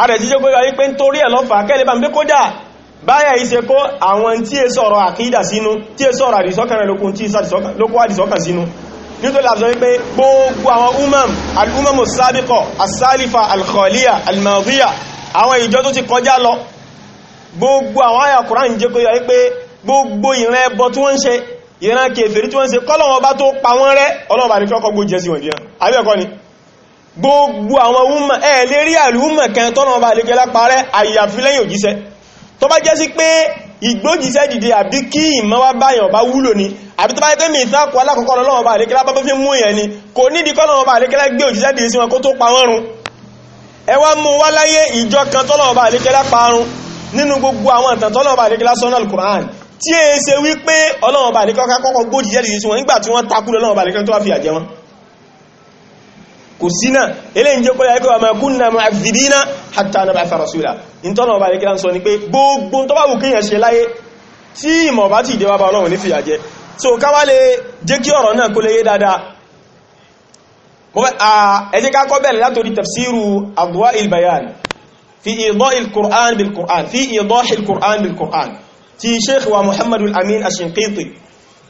ààrẹ jíjẹ́ pé wáyé pé ń torí ẹ̀ lọ́fà kẹ́lẹ̀ bá ń pé kódà báyà yìí ṣe kó àwọn tí è sọ̀rọ̀ àkídà sínú tí è sọ̀rọ̀ àdìsọ́kàn lókun tí lókó àdìsọ́kàn gbogbo àwọn umam al-umamu sabiqo asalifa al-khaliya al-madiya àwọn ìjọ tó ti kọjá lọ gbogbo àwọn àyà Kùránì jẹ́ kó yọ wípé gbogbo ìran ẹbọ tí wọ́n ń ṣe ìran kèfèrí tí wọ́n ń ṣe kọ́lọ̀wọ́ bá tó pa wọ́n rẹ́ ọlọ́ọ̀bá ní kọ́kọ́ gbó jẹ́ sí wọ̀n ìdíran àbẹ́ẹ̀kọ́ ni gbogbo àwọn wúmọ̀ ẹ̀ lè rí àlúmọ̀ kan tọ́lọ̀ọ̀bá lè kẹ́lá parẹ́ àyàfi lẹ́yìn òjíṣẹ́ tó bá jẹ́ sí pé ìgbójíṣẹ́ dìde àbí kí ìmọ̀ wá báyàn bá wúlò ni àbí tó bá jẹ́ mi ìsáàkù alákọ̀ọ́kọ́ lọ́wọ́ bá àlékẹ́lá bá fi mú ìyẹn ni kò nídìí kọ́ lọ́wọ́ bá àlékẹ́lá gbé òjíṣẹ́ dìde sí wọn kó tó nínú gbogbo àwọn ìtàn tọ́lọ́wọ́ bá sọ́nà al tí è ṣe wípé ọlọ́run bá nìkan kọ́kọ́ gbóòdì jẹ́ ìrísí wọn nígbà tí wọ́n takú lọ́lọ́run bá nìkan tó wá fi àjẹ wọn kò sí náà eléyìn jẹ́ kọ́lá ẹgbẹ́ wa ma kunna mu'adhdhibina hatta nab'atha rasula ìtọ́nà ọba nìkan sọ ni pé gbogbo tó bá wù kéèyàn ṣe láyé bá ti ìdẹ́wà bá ọlọ́run ní ti sheikh wa muhammadu al-amin ashinkiti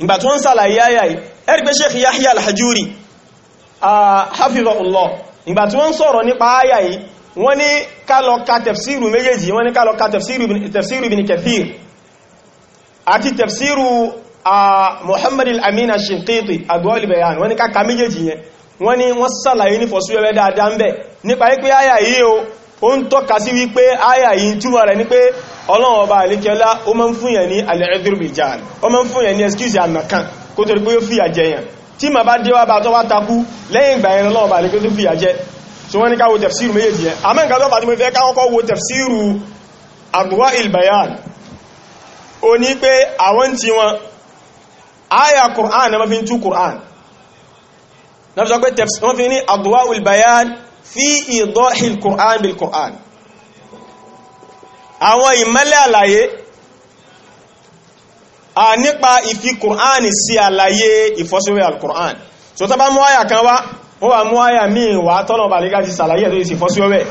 ìgbà tó ń sàlàyé ayayi ẹgbẹ́ sheikh yahya al-hajuri a hafizahullah ìgbà tó ń sọ̀rọ̀ nípa ayayi wọ́n ní kálọ ka tafsiru méjèèjì wọ́n ní kálọ ka tafsiru ibn kathir àti tafsiru a muhammadu al-amin ashinkiti adwal bayan wọ́n ní ka méjèèjì yẹn wọ́n ní wọ́n sàlàyé ní fọ́súwẹ́wẹ́ dáadáa ń bẹ̀ nípa ayayi o ó ń tọ́ka sí wípé àyà yìí túmọ̀ rẹ̀ ní pé ọlọ́run ọba àlékẹ́lá ó máa ń fúnyẹ̀ ní alẹ́ẹ̀dúrùbìjáàlì ó máa ń fúnyẹ̀ ní excuse ànàkan kó torí pé ó fìyà jẹyàn tí ma bá dé wá bá tọ́ wá takú lẹ́yìn ìgbà ẹ̀rọ ọlọ́run ọba àlékẹ́lá na ma fi ń tú Qur'an fi ìdọ́hìl Qur'an bil Qur'an àwọn ìmẹ́lẹ̀ àlàyé a nípa ìfi Qur'an sí àlàyé ìfọ́síwẹ̀ al-Qur'an so tàbá mú àyà kan wá ó wà mú àyà míì wá tọ́nà bà lè gájì sàlàyé tó sì fọ́síwẹ̀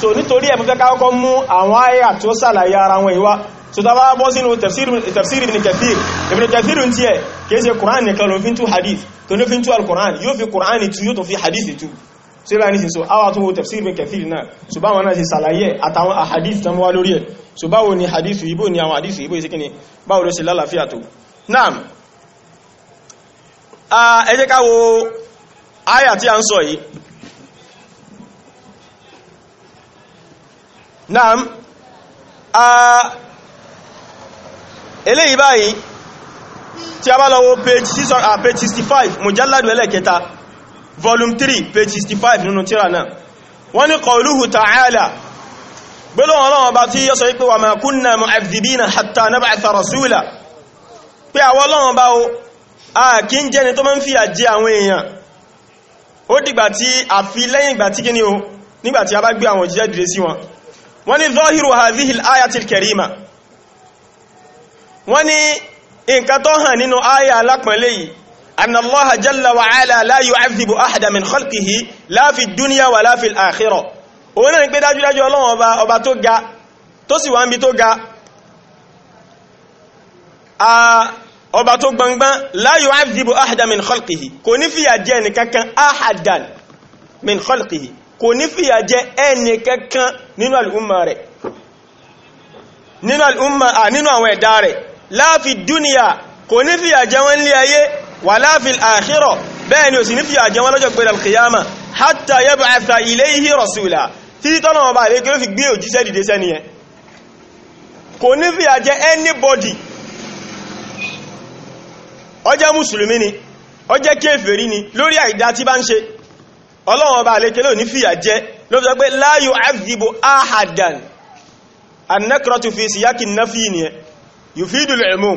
so nítorí ẹ̀ fẹ́ káwọ́kọ́ mú àwọn àyà tó sàlàyé ara wọn ìwá so tàbá bọ́ sínú tafsir ibn Kathir ibn Kathir ń tiẹ̀ kìí ṣe Qur'an nìkan sí bá ní sí so awà tún wo tafsir bin kathir náà so bá wọn náà sí sàlàyé àtàwọn àhadith tán wá lórí ẹ̀ so báwo ni hadithu ibo ni àwọn hadithu ibo ìsíkíni báwo ló ṣe lálàáfíà tó naam ẹ jẹ́ ká a ń sọ yìí naam eléyìí báyìí tí a bá 65 mujalladu ẹlẹ́kẹta volume 3 page 65 nínú tírà náà wọ́n ní qawluhu ta'ala gbọ́lọ́wọ́n ọlọ́wọ́ bá tí yọ́ sọ wípé wa ma kunna mu'adhdhibina hatta nab'atha rasula pé àwọn ọlọ́wọ́n bá o a kí ń jẹ́ni tó máa ń fi àjẹ àwọn èèyàn ó dìgbà tí a fi lẹ́yìn ìgbà tí kí ni o nígbà أن الله جل وعلا لا يعذب أحد من خلقه لا في الدنيا ولا في الآخرة òun náà ni pé dájúdájú ọlọ́run ọba ọba tó ga tó sì wá ń bi tó ga ọba tó gbọngbọ́n la yu'adhibu ahadan min khalqihi kò ní fìyà jẹ ẹnìkankan ahadan min khalqihi kò ní fìyà jẹ ẹnìkankan nínú al'umma rẹ̀ nínú al'umma nínú àwọn ẹ̀dá rẹ̀ la fi dunya kò ní fìyà jẹ wọ́n lé ayé wala fil akhirah bẹ́ẹ̀ ni ò sì ní fi àjẹ́ wọn lọ́jọ́ gbé alkiyama hatta yab'atha ilayhi rasula títí tọ́nà ọba àlékí ló fi gbé òjíṣẹ́ dìde sẹ́ni ẹ kò ní fi àjẹ́ anybody ó jẹ́ mùsùlùmí ni ó jẹ́ kéfèrí ni lórí àìdá tí bá ń ṣe ọlọ́wọ́n ọba àlékí ló ní fi àjẹ́ ló fi sọ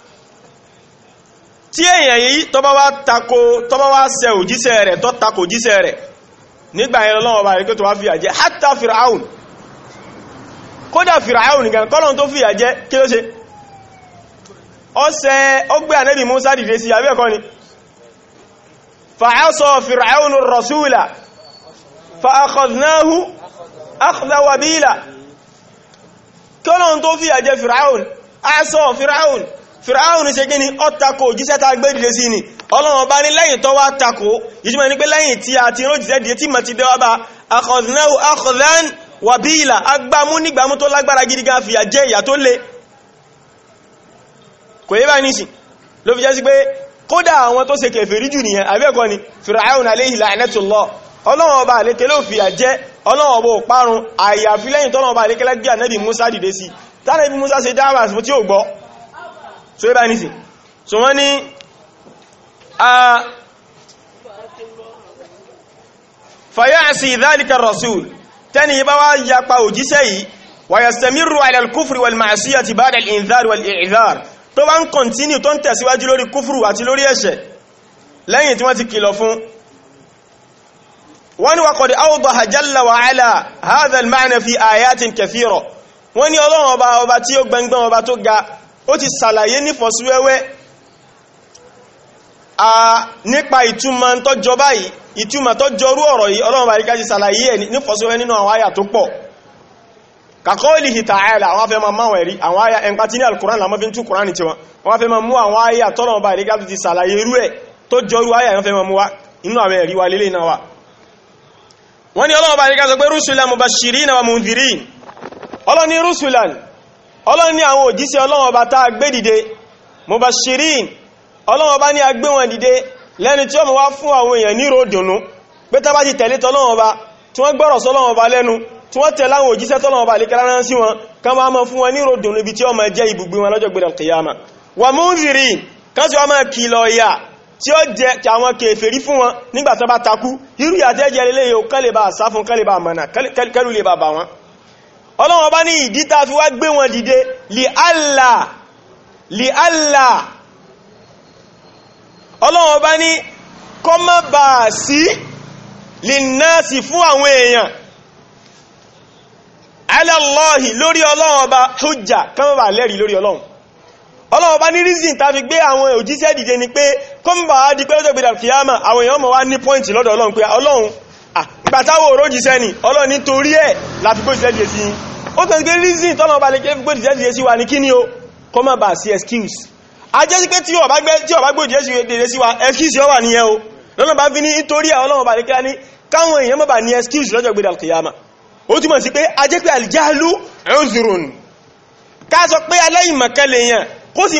tí èèyàn yìí tó bá wá tako tó bá wá ṣe òjíṣẹ́ rẹ̀ tó tako òjíṣẹ́ rẹ̀ nígbà yẹn lọ́wọ́ bá rí pé tó wá fìyà jẹ hátà fìràáùn kódà fìràáùn nìkan kọ́lọ́n tó fìyà jẹ kí ló ṣe ọsẹ ọgbẹ́ ànẹ́bì Musa dìde sí abẹ́ ẹ̀kọ́ ni fa'asọ fìràáùn rọ̀súùlà fa'akọ̀dnáhù akọ̀dáwàbílà kọ́lọ́n tó fìyà jẹ fìràáùn fìràáhùn ní ṣe kí ni ọ takò ta gbé dìde sí ni ọlọ́run bá ní lẹ́yìn tó wá takò ìjúmọ̀ ní pé lẹ́yìn tí a ti rójìṣẹ́ dìde tí mọ̀ ti dẹ́wà bá akọ̀dínláwò akọ̀dán wàbíìlà agbámú nígbàmú tó lágbára gidi gan fìyà jẹ ìyà tó le kò yé báyìí nísìn ló fi jẹ́ sí pé kódà àwọn tó ṣe kèfèrí jù nìyẹn àbẹ́ẹ̀kọ́ ni fìràáhùn aléhì la'natullah ọlọ́run ọba àlékè ló fìyà so yíba ní sí so wọ́n ní a fayáàsì dhalika rasul tẹ́ni yíba wá yapa òjíṣẹ́ yìí wàyàstẹ̀mírù alẹ́lkúfùrí wàlmàṣíyàtì bá dẹ̀lì ìzáàrì wàlìzáàrì tó bá ń kọ̀ntínú tó ń tẹ̀síwájú lórí kúfùrù àti lórí ẹ̀ṣẹ̀ lẹ́yìn tí wọ́n ti kìlọ̀ fún wọ́n ni wàkọ̀dì áwọ̀dọ̀ha jalla wa ala hadha al-ma'na fi ayatin kathira wọ́n ni ọlọ́run ọba ọba tí ó gbẹngbẹn ọba tó ga ó ti sàlàyé nífọ̀síwẹ́wẹ́ a nípa ìtumọ̀ tọ́jọ báyìí ìtumọ̀ tọ́jọrú ọ̀rọ̀ yìí ọlọ́run bá ríká ti sàlàyé ẹ̀ nífọ̀síwẹ́ nínú àwọn àyà tó pọ̀ kaqawlihi ta'ala àwọn afẹ́ máa máwọn ẹ̀rí àwọn àyà ẹnkà tí ní alkùrán làmọ́ fi ń tú kùrán tiwọn wọ́n fẹ́ máa mú àwọn àyà tọ́lọ̀ bá ríká ti sàlàyé irú ẹ̀ tó àyà wọ́n fẹ́ máa mú wa inú àwọn ẹ̀rí wa lélẹ̀ náà wà wọ́n ní ọlọ́run bá ríká sọ pé rusulan mubashirina wa mundhirin ọlọ́ni rusulan ọlọ́run ni àwọn òjíṣẹ́ ọlọ́run ọba tá a gbé dìde mubashirin ọlọ́run ọba ni a gbé wọn dìde lẹ́ni tí ó mọ̀ wá fún àwọn èèyàn ní ròdùnú pé tá bá ti tẹ̀lé tọ́lọ́run ọba tí wọ́n gbọ́rọ̀ sọ́lọ́run ọba lẹ́nu tí wọ́n tẹ̀lé àwọn òjíṣẹ́ tọ́lọ́run ọba lékẹ́lá rán sí wọn kan máa mọ́ fún wọn ní ròdùnú ibi tí ó máa jẹ́ ibùgbé wọn lọ́jọ́ gbẹ̀rẹ̀ kìyàmà wà múnzirin kan sì wá máa kìlọ̀ ìyà tí ó jẹ àwọn kèfèrí fún wọn nígbà tó lè bá ọlọ́run ọba ní ìdí tá fi wá gbé wọn dìde li Allah li Allah ọlọ́run ọba ní kọ́ má bà sí lè náà sí fún àwọn èèyàn ala Allahi lórí ọlọ́run ọba hujja kọ́ má bà lẹ́rìí lórí ọlọ́run ọlọ́run ọba ní reason tá fi gbé àwọn òjíṣẹ́ dìde ni pé kọ́ má bà di pé lọ́jọ́ gbé dàkíyàmà àwọn èèyàn mọ̀ wá ní pọ́ìntì lọ́dọ̀ ọlọ́run pé ọlọ́run ìgbàtàwò òrójíṣẹ́ ni ọlọ́run nítorí ẹ̀ láti pé ìṣẹ́ dìde sí yín ó kàn gbé reason tọ́nà ọba lè gbé ìdíyẹ́ sí wa ní kí ni o kọ́ má bà sí excuse a jẹ́ sí pé tí ọba gbé tí ọba gbé ìdíyẹ́ sí wa excuse ọ wà nìyẹn o lọ́nà bá fi ní nítorí àwọn ọlọ́wọ́ bá lè kíra ní káwọn èèyàn má bà excuse lọ́jọ́ gbé dàlùkìyàmà ó túmọ̀ sí pé a jẹ́ pé àlìjáàlú ẹ̀rùn ká sọ pé aláìmọ̀kẹ́lẹ̀ yẹn kó sì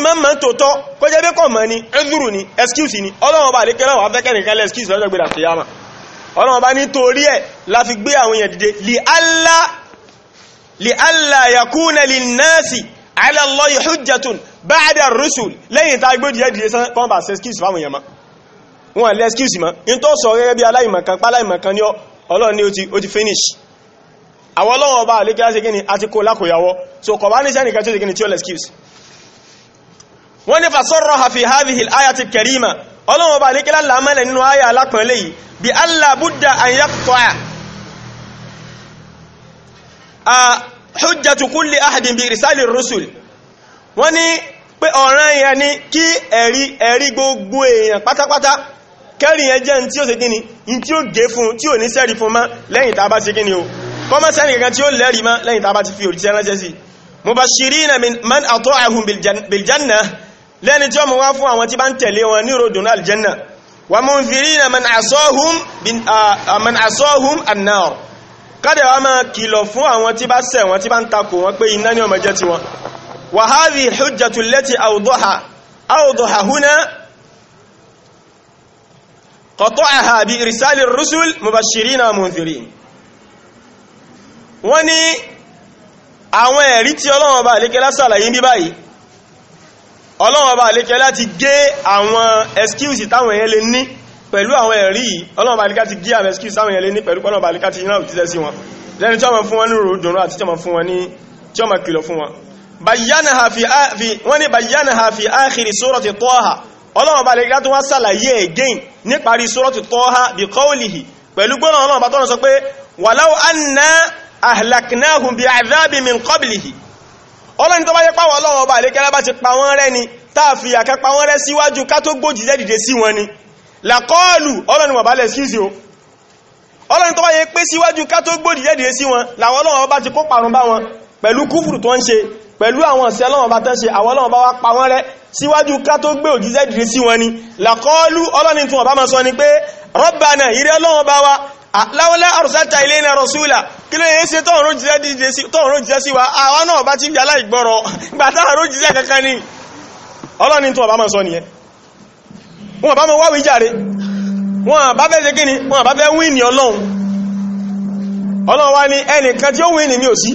excuse ni ọlọ́wọ́ bá lè kíra wà fẹ́kẹ́ excuse lọ́jọ́ gbé dàlùkìyàmà ọlọ́wọ́ bá ní torí ẹ̀ la fi gbé àwọn èèyàn dìde li Allah لئلا يكون للناس على الله حجة بعد الرسل lẹ́yìn tá gbé díẹ̀ díẹ̀ sán kọ́nbà sí excuse fáwọn èèyàn ma wọ́n lè excuse ma in tó sọ gẹ́gẹ́ bí aláìmọ̀kan páláìmọ̀kan ní ọlọ́run ní ó ti finish àwọn ọlọ́run ọba àlékẹ́ láti gíní àti kó lákòyàwó so kọ̀bá ní sẹ́nìkan tí ó ti gíní tí ó lè excuse wọ́n ní fasọ́rọ̀ hafi hadhihi hujjatu kulli ahadin bi risali rusul wọ́n ní pé ọ̀ràn yẹn ni kí ẹ̀rí ẹ̀rí gbogbo èèyàn pátápátá kẹ́rì yẹn jẹ́ tí ó ṣe gíní in tí ó gé fún tí ò ní sẹ́rí fún má lẹ́yìn tàbá sí gíní o kọ́mọ́ sẹ́rì kankan tí ó lẹ́rí má lẹ́yìn tàbá ti fi òrìṣẹ́ ránṣẹ́ sí mubashirina man ata'ahum bil janna lẹ́ni tí ó mú wá fún àwọn tí bá ń tẹ̀lé wọn ní ròdùn wa munzirina man asahum an-nar kádẹ̀ wá máa kìlọ̀ fún àwọn tí bá ṣẹ̀ wọ́n tí bá ń takò wọ́n pé iná ní ọmọ jẹ́ ti wọn wa hadhihi al-hujjatu allati awdaha awdaha huna qata'aha bi irsali ar láti gé àwọn excuse táwọn èèyàn lè ní pẹ̀lú àwọn ẹ̀rí ọlọ́run bá alíkà ti gí àwọn excuse àwọn ẹ̀lẹ́ ní pẹ̀lú ọlọ́run bá alíkà ti yínà òtítẹ́ sí wọn lẹ́ni tí ọmọ fún wọn ní ròdùnrún àti tí ọmọ fún wọn ní tí ọmọ kìlọ̀ fún wọn wọ́n ní bayyana ha fi áàkiri sórọ̀tì tọ́ha ọlọ́run bá alíkà tó wá sàlàyé again níparí sórọ̀tì tọ́ha bí kọ́ọ̀lìhì pẹ̀lú gbọ́nà ọlọ́run bá tọ́nà sọ pé wàláwọ́ anna ahlaknahum bi tó wọ́n rẹ́ làkọ́ọ̀lù ọlọ́ni wà bá lẹ̀ skíìsì o ọlọ́ni tó bá yẹ pé síwájú ká tó gbòdì jẹ́dìí sí wọn làwọn ọlọ́wọ́ bá ti kó parun bá wọn pẹ̀lú kúfùrù tó ń ṣe pẹ̀lú àwọn ọ̀sẹ̀ ọlọ́wọ́ bá tán ṣe àwọn ọlọ́wọ́ bá wá pa wọ́n rẹ́ síwájú ká tó gbé òjì jẹ́dìí sí wọn ni làkọ́ọ̀lù ọlọ́ni tún ọba máa sọ ni pé rọ́bànà ìrẹ́ ọlọ́wọ́ bá wa láwọlá àrùsátà ilé iná rọ̀súlà kí ló yẹ ṣe tọ́ọ̀rọ̀ jíjẹ́ sí wa àwọn náà bá ti fi aláìgbọ́rọ̀ gbàtà àrùjíṣẹ́ kankan ni ọlọ́ni tún ọba máa sọ nìyẹn wọ́n bá mọ́ wáwí jàre wọ́n bá fẹ́ ṣe kíni wọ́n bá fẹ́ wíìnì ọlọ́run ọlọ́run wá ní ẹnìkan tí ó wíìnì mi ò sí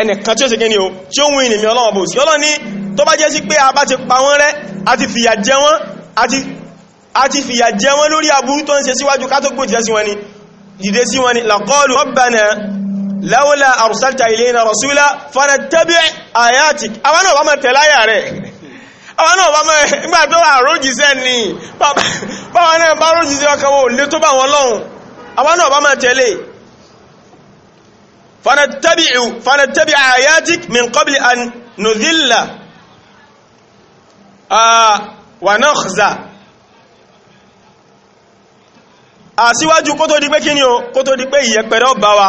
ẹnìkan tí ó ṣe kíni o tí ó wíìnì mi ọlọ́run bò sí ọlọ́run ní tó bá jẹ́ sí pé a bá ti pa wọ́n rẹ́ a ti fìyà jẹ wọ́n a ti fìyà jẹ wọ́n lórí aburú tó ń ṣe síwájú ká tó gbò jẹ́ sí wọn ni dìde sí wọn ni laqalu rabbana lawla arsalta ilayna rasula fanattabi' ayatik àwọn náà wà mọ̀ tẹ̀láyà rẹ̀ àwọn náà bá mọ́ nígbà tó wà rójìṣẹ́ ni báwọn náà bá rójìṣẹ́ ọkàn wò lé tó bá wọn lọ́hùn àwọn náà bá máa tẹ̀lé fanattabi ayatik min qabli an nuzilla wa nakhza àsíwájú kó tó di pé kíni o kó tó di pé ìyẹ̀pẹ̀rẹ̀ ọba wa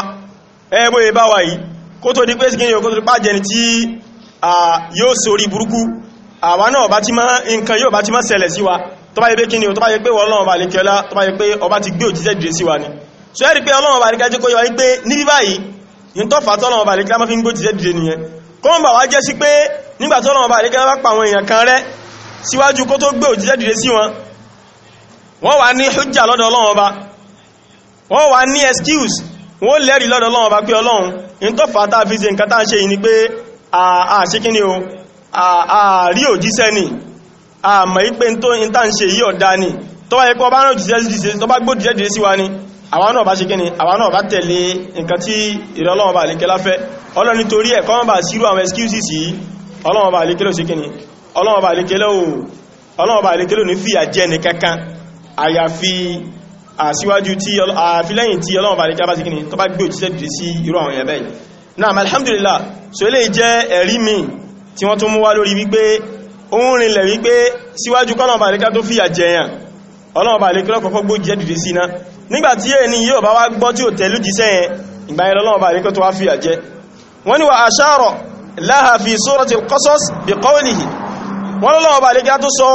ẹgbẹ́ ìbáwa yìí kó tó di pé kíni o kó tó di pàjẹni tí yóò sórí burúkú àwa náà ọba tí máa nǹkan yóò bá ti máa ṣẹlẹ̀ sí wa tó bá yẹ pé kí ni o tó bá yẹ pé Ọlọ́run bá lè kẹ́lá tó bá yẹ pé ọba ti gbé òjíṣẹ́ dìde sí wa ni so ẹ́rì pé Ọlọ́run bá lè kájẹ́ kó yọ wípé níbi báyìí yìí tó fà tọ́lọ́run bá lè pé Ọlọ́run ọba wọ́n wà ní excuse wọ́n lẹ́rìí lọ́dọ̀ Ọlọ́run ọba pé Ọlọ́run yìí tó fà a fi ṣe nǹkan tá a ṣe yìí ni pé àṣekíní o ààrí òjíṣẹ́ ni àmọ̀ ìpé tó ń tàn ṣe yí ọ̀dá ni tó bá yẹ kọ́ bá rán òjíṣẹ́ tó bá gbójìṣẹ́ dìde sí wa ni àwọn náà bá ṣe kíni àwọn náà bá tẹ̀lé nǹkan tí ìrọlọ́wọ́ bá lékẹ́ láfẹ́ ọlọ́ni torí ẹ̀ kọ́wọ́n bá sírú àwọn excuses yìí ọlọ́wọ́ bá lékẹ́ ló ṣe kíni ọlọ́wọ́ bá lékẹ́ ló ọlọ́wọ́ bá lékẹ́ ló ní fìyà jẹ ní náà alhamdulillah so eléyìí jẹ́ ẹ̀rí mi tí wọ́n tún mú wá lórí wípé ó ń rinlẹ̀ wípé síwájú kọ́lọ̀ọ̀bà àríká tó fìyà jẹyàn ọlọ́ọ̀bà àríká lọ́kọ̀ọ́kọ́ gbó jẹ́ dìde síná nígbàtí ẹni yóò bá wá gbọ́ tí ò tẹ̀lú jíṣẹ́ yẹn ìgbà yẹn lọ́lọ́ọ̀bà àríká tó wá fìyà jẹ wọ́n ni wà ashara laha fi surati al-qasas bi qawlihi wọ́n lọ́lọ́ọ̀bà àríká tó sọ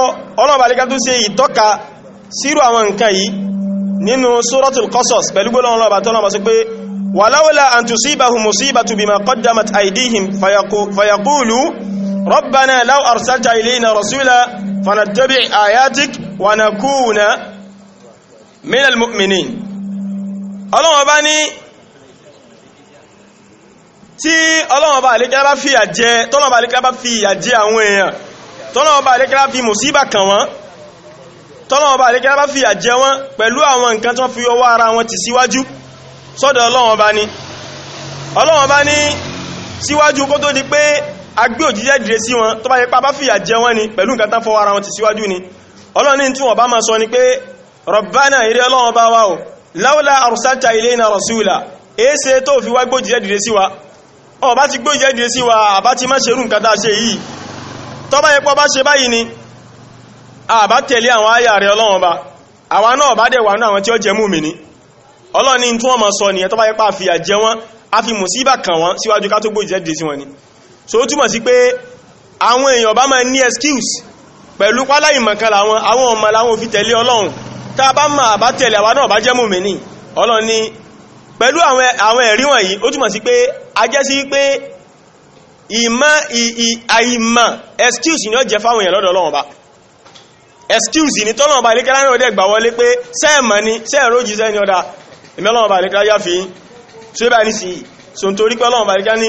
ọlọ́ọ̀bà àríká tó ṣe ìtọ́ka sírù àwọn nǹkan yìí nínú surati al-qasas pẹ̀lú gbọ́lọ́ọ̀bà tọ́lọ́ọ̀bà sọ pé walaula an tusibahum musibatu ربنا لو أرسلت إلينا رسولا فنتبع آياتك ونكون من المؤمنين الله أباني. ní tí ọlọ́wọ́n bá àlékẹ́lá bá fi ìyà jẹ tọ́lọ́wọ́n bá àlékẹ́lá bá fi ìyà jẹ àwọn èèyàn tọ́lọ́wọ́n bá àlékẹ́lá fi mùsíbà kàn wọ́n tọ́lọ́wọ́n bá àlékẹ́lá bá fi ìyà jẹ wọ́n pẹ̀lú àwọn nǹkan tó fi ọwọ́ ara wọn ti síwájú sọ́dọ̀ ọlọ́wọ́n bá ní ọlọ́wọ́n bá ní síwájú kó tó di pé agbé òjíjẹ́ dìde sí wọn tó bá yẹ pa bá fìyà jẹ wọn ni pẹ̀lú nǹkan tán fọwọ́ ara wọn ti síwájú ni ọlọ́ni tí wọ́n bá máa sọ ni pé rọ̀bánà eré ọlọ́wọ́n bá wá o láwọ́lá àrùsáta ilé iná rọ̀súùlà èéṣe tó fi wá gbóòjì dìde sí wa ọ bá ti gbóòjì dìde sí wa àbá ti má ṣerú nǹkan tá a ṣe yìí tó bá fi mùsíbà kàn wọn síwájú ká tó gbóòjì dìde sí wọn ni so ó túmọ̀ sí pé àwọn èèyàn bá máa ní excuse pẹ̀lú pálá ìmọ̀kan làwọn àwọn ọmọ làwọn fi tẹ̀lé ọlọ́run tá a bá máa bá tẹ̀lé àwa náà bá jẹ́ mùmínì ọlọ́run ni pẹ̀lú àwọn ẹ̀rí wọ̀nyí ó túmọ̀ sí pé a jẹ́ sí pé ìmọ̀ àìmọ̀ excuse ni ó jẹ́ fáwọn èèyàn lọ́dọ̀ ọlọ́run bá excuse ni tọ́lọ́run bá ilé kẹ́lá náà dẹ̀ gbà wọlé pé sẹ́ẹ̀mọ̀ ni sẹ́ẹ̀rọ òjìṣẹ́ ni ọ̀dà ìmọ̀lọ́run bá ilé kẹ́lá yá fi ṣé báyìí sí ọlọ́run bá ilé kẹ́lá ní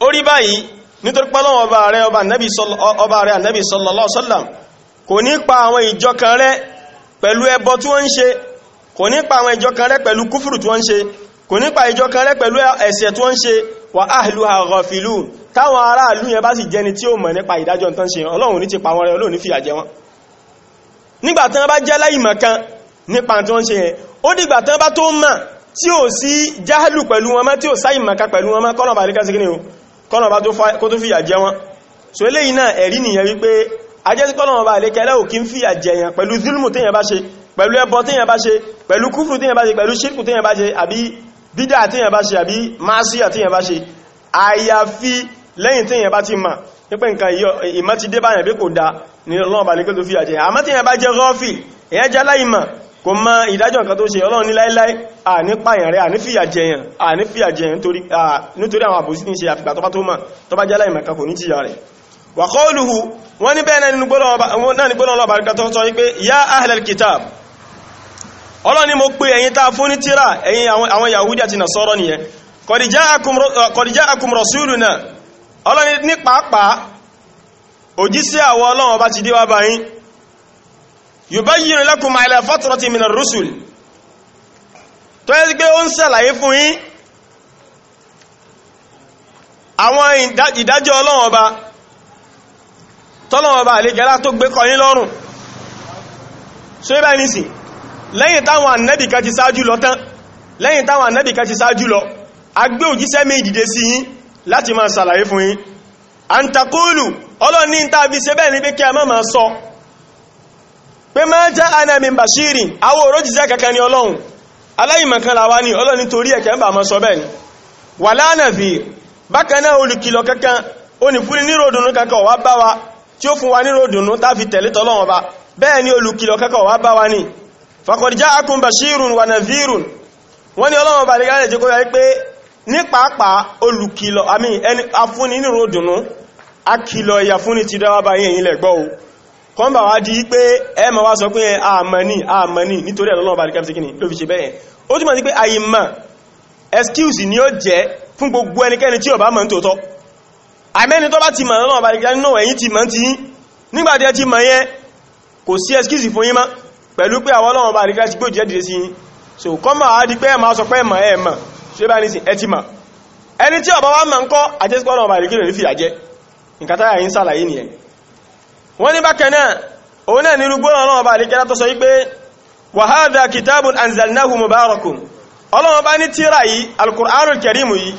ó rí báyìí nítorí pẹ́lọ́wọ́ ọba rẹ̀ ọba rẹ̀ ànẹ́bì sallallahu alaihi wasallam kò ní pa àwọn ìjọ kan rẹ̀ pẹ̀lú ẹbọ tí wọ́n ń ṣe kò ní pa àwọn ìjọ kan rẹ̀ pẹ̀lú kúfùrù tí wọ́n ń ṣe kò ní pa ìjọ kan rẹ̀ pẹ̀lú ẹ̀ṣẹ̀ tí wọ́n ń ṣe wà ahluha ghafilun táwọn aráàlú yẹn bá sì jẹni tí ó mọ̀ nípa ìdájọ́ tán ṣe ọlọ́run ní ti pa wọn rẹ̀ ọlọ́run fìyà jẹ wọn nígbà tán bá jẹ́ láìmọ̀ kan nípa tí wọ́n ṣe yẹn ó dìgbà tán bá tó mọ̀ tí ò sí jáhálù pẹ̀lú wọn mọ́ tí ò sáìmọ̀ kan pẹ̀lú wọn mọ́ kọ́nà bàríkà sí kí ni o kọ́nà bá kó tó fìyà jẹ wọn so eléyìí náà ẹ̀rí nìyẹn wípé ajẹ́sí kọ́nà bá lékẹ́lẹ́ ò kí ń fìyà jẹyàn pẹ̀lú zulmù téyàn bá ṣe pẹ̀lú ẹbọ téyàn bá ṣe pẹ̀lú kúfù téyàn bá ṣe pẹ̀lú ṣírkù téyàn bá ṣe àbí bídà téyàn bá ṣe àbí máṣíà téyàn bá ṣe kò mọ ìdájọ́ nǹkan tó ṣe ọlọ́run ní láíláí à ní pààyàn rẹ̀ à ní fìyà jẹyàn à ní fìyà jẹyàn nítorí àwọn àbòsí ní ṣe àfìgbà tó bá tó mọ̀ tó bá jẹ́lá ìmọ̀kan kò ní jìyà rẹ̀ wa qawluhu wọ́n ní bẹ́ẹ̀ ní gbọ́nà ọlọ́bà ya ahlal kitab ni mo pe ẹ̀yin tá a fún ní tíra ẹ̀yin àwọn yahudi àti nasọ́rọ́ nìyẹn qad ja'akum rasuluna ọlọ́run ní pàápàá òjíṣẹ́ àwọn yubayyin lakum ala fatrati min ar-rusul tó yẹ pé ó ń ṣàlàyé fún yín àwọn ìdájọ́ Ọlọ́run Ọba tọ́lọ́run Ọba àlejẹ́lá tó gbé kọyín lọ́rùn so ibẹ̀ nìsìn lẹ́yìn táwọn ànábì kan ti ṣáájú lọ tán lẹ́yìn táwọn ànábì kan ti ṣáájú lọ a gbé òjíṣẹ́ mi ìdìde sí yín láti máa ṣàlàyé fún yín an taqulu ọlọ́ni tàbí ṣe bẹ́ẹ̀ ní pé kí a máa sọ pé máa já ana min bashirin àwọn òrójìṣẹ́ kankan ni ọlọ́run aláìmọ̀kan làwa ni ọlọ́run torí ẹ̀kẹ́ ń bà mọ́ sọ bẹ́ẹ̀ ni wà lánàbì bákanáà olùkìlọ̀ kankan ó ní fún ní ròdùnú kankan wá bá wa tí ó fún wa ní ròdùnú táfi tẹ̀lé tọ́lọ́run ọba bẹ́ẹ̀ ni ni faqad ja'akum bashirun wa nadhirun wọ́n ní ọlọ́run ọba nígbà kọ́n bà wá di pé ẹ ma wá sọ pé àmàní àmàní nítorí ẹ̀lọ́lọ́ bá dìkẹ́ síkíní ló fi ṣe bẹ́ẹ̀ ó túnmọ̀ sí pé àyíma excuse ni ó jẹ́ fún gbogbo ẹnikẹ́ni tí ó bá mọ̀ nítòótọ́ àmẹ́ni tó bá ti mọ̀ lọ́nà bá dìkẹ́ náà excuse fún yín mọ́ pẹ̀lú pé àwọn ọlọ́run bá dìkẹ́ so kọ́n bà wá di pé ẹ ma sọ pé ẹ mọ̀ ẹ mọ̀ ṣé bá nísìn ẹ ti mọ̀ ẹni tí wọ́n ní bákan náà òun náà nírú gbọ́nà ọlọ́wọ́ bá alékẹ́lá tó sọ wípé wa hadha kitabun anzalnahu mubarakun ọlọ́wọ́ bá ní tíra yìí alkùránù kẹrìmù yìí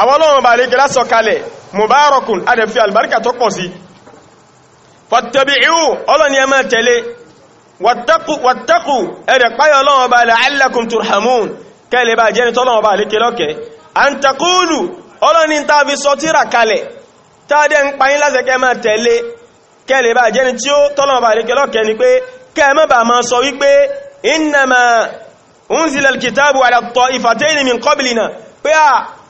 àwọn ọlọ́wọ́ bá alékẹ́lá sọ kalẹ̀ mubarakun adẹ̀fí albarka tó pọ̀ sí fattabi'u ọlọ́ni ẹ kẹ́lẹ̀ bá jẹ́ni tí ó tọ́lọ̀mọ̀ bá lékẹ́ lọ́kẹ́ ni pé kẹ́ẹ̀mọ́ bá máa sọ wípé innama unzila alkitabu ala ta'ifatayn min qablina pé à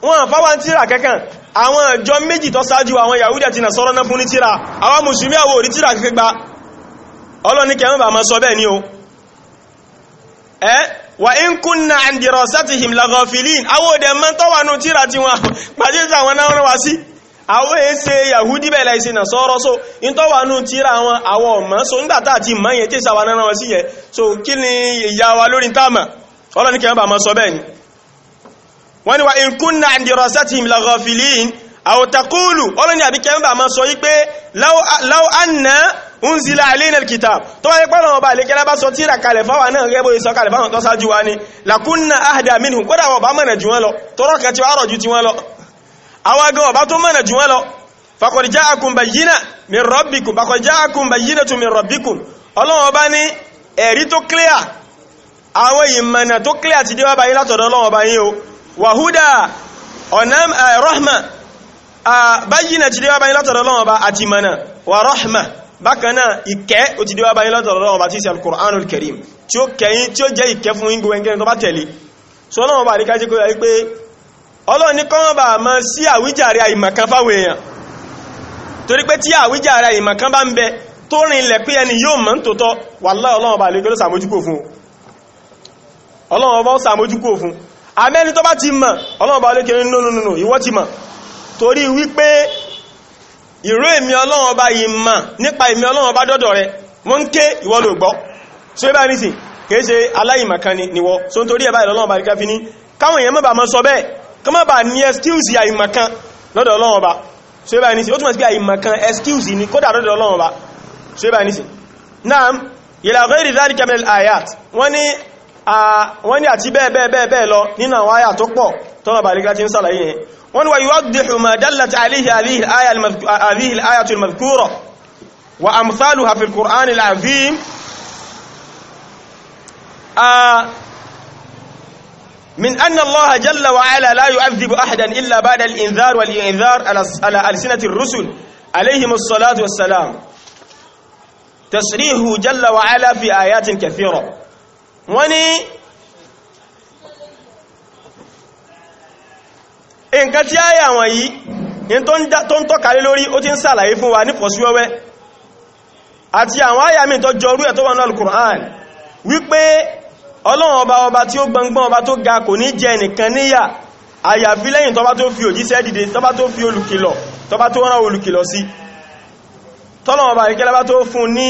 wọ́n fáwọn tíra kankan àwọn ìjọ méjì tó sáájú àwọn yahudi àti nasọ́rọ́ náà fún ní tíra àwọn mùsùlùmí àwọn òrí tíra kankan gba ọlọ́ni kẹ́ẹ̀mọ́ bá wa in kunna an dirasatihim laghafilin àwọn òdẹ̀ mọ́ tọ́wà nù tíra tiwọn pàdé àwọn náà wọ́n àwọn èése yahudi bẹ̀rẹ̀ ìṣe nà sọ́rọ́ so in tó wà nù tíra àwọn àwọn ọmọ so nígbàtà àti mọ́yẹn tí ìsàwà náà wọ́n sí yẹ so kí ni ìyá wa lórí táàmà ọlọ́ni kẹwàá ma sọ bẹ́ẹ̀ ni wọ́n ni wa in kunna an dirasatihim la ghafilin aw taqulu ọlọ́ni àbí kẹwàá ma sọ yí pé law anna unzila alayna alkitab tó wáyé pọ́nà ọba àlékẹ́lá bá sọ tíra kalẹ̀ fáwa náà àwọn agan ọba tó mọ̀nà jù wọ́n lọ faqad ja'akum bayyinatun min rabbikum faqad ja'akum bayyinatun min rabbikum ọlọ́wọ́n bá ní ẹ̀rí tó clear àwọn ìmọ̀nà tó clear ti dé wá báyìí látọ̀dọ̀ ọlọ́wọ́n bá yín o wàhúdà ọ̀nàm rahma bayyinatun ti dé wá báyìí látọ̀dọ̀ ọlọ́wọ́n bá àti mọ̀nà rahma bakana ike ìkẹ́ ó ti dé wá báyìí látọ̀dọ̀ ọlọ́wọ́n bá ti ṣe al-Qur'anul Karim tí ó kẹ́yìn tí ó jẹ́ ìkẹ́ fún yín gbogbo ẹgbẹ́ tó bá tẹ̀lé so ọlọ́wọ́n bá rí kájí kó yà wípé ọlọ́run ní kọ́mọ̀ bá ma sí àwíjàre àìmọ̀kan fáwọn èèyàn torí pé tí àwíjàre àìmọ̀kan bá ń bẹ tó rìn ilẹ̀ pé ẹni yóò mọ̀ ń tòótọ́ wàláhì ọlọ́run bá lè gbé ló sàmójúkò fún ọlọ́run bá sàmójúkò fún amẹ́ni tó bá ti mọ̀ ọlọ́run bá lè kéré nínú ìwọ ti mọ̀ torí wípé ìró èmi ọlọ́run bá yìí mọ̀ nípa èmi ọlọ́run bá dọ́dọ̀ rẹ wọ́n ké ìwọ ló gbọ́ so ẹ bá ní sìn kìí aláìmọ̀kan ni wọ́n so nítorí ẹ̀ báyìí bá rí káfí ní káwọn èèyàn mọ̀ bá mọ̀ sọ bẹ́ẹ̀ má bà ní excuse àìmọ̀kan lọ́dọ̀ Ọlọ́run Ọba so yíba ní sí ó túnmọ̀ sí pé àìmọ̀kan excuse ni kódà lọ́dọ̀ Ọlọ́run Ọba so yíba ní sí naam ila ghairi dhalika min al-ayat wọ́n ní wọ́n ní àti bẹ́ẹ̀ bẹ́ẹ̀ bẹ́ẹ̀ bẹ́ẹ̀ lọ nínú àwọn àyà tó pọ̀ tọ́nà bàlígá ti ń sàlàyé yẹn wọ́n ni من أن الله جل وعلا لا يعذب أحدا إلا بعد الإنذار والإنذار على ألسنة الرسل عليهم الصلاة والسلام تصريحه جل وعلا في آيات كثيرة وني nǹkan tí àyà àwọn yìí in tó ń tọ́ka lé lórí ó ti ń sàlàyé fún wa ní fọ̀síwẹ́wẹ́ àti àwọn àyà mi tó jọrú ẹ̀ tó wà ní al wípé ọlọ́run ọba ọba tí ó gbọngbọ́n ọba tó ga kò ní jẹ nìkan níyà àyàfi lẹ́yìn tọba tó fi òjíṣẹ́ dìde tọba tó fi olùkìlọ̀ tọba tó rán olùkìlọ̀ sí tọ́lọ́run ọba ìkẹ́lẹ́ bá tó fún ní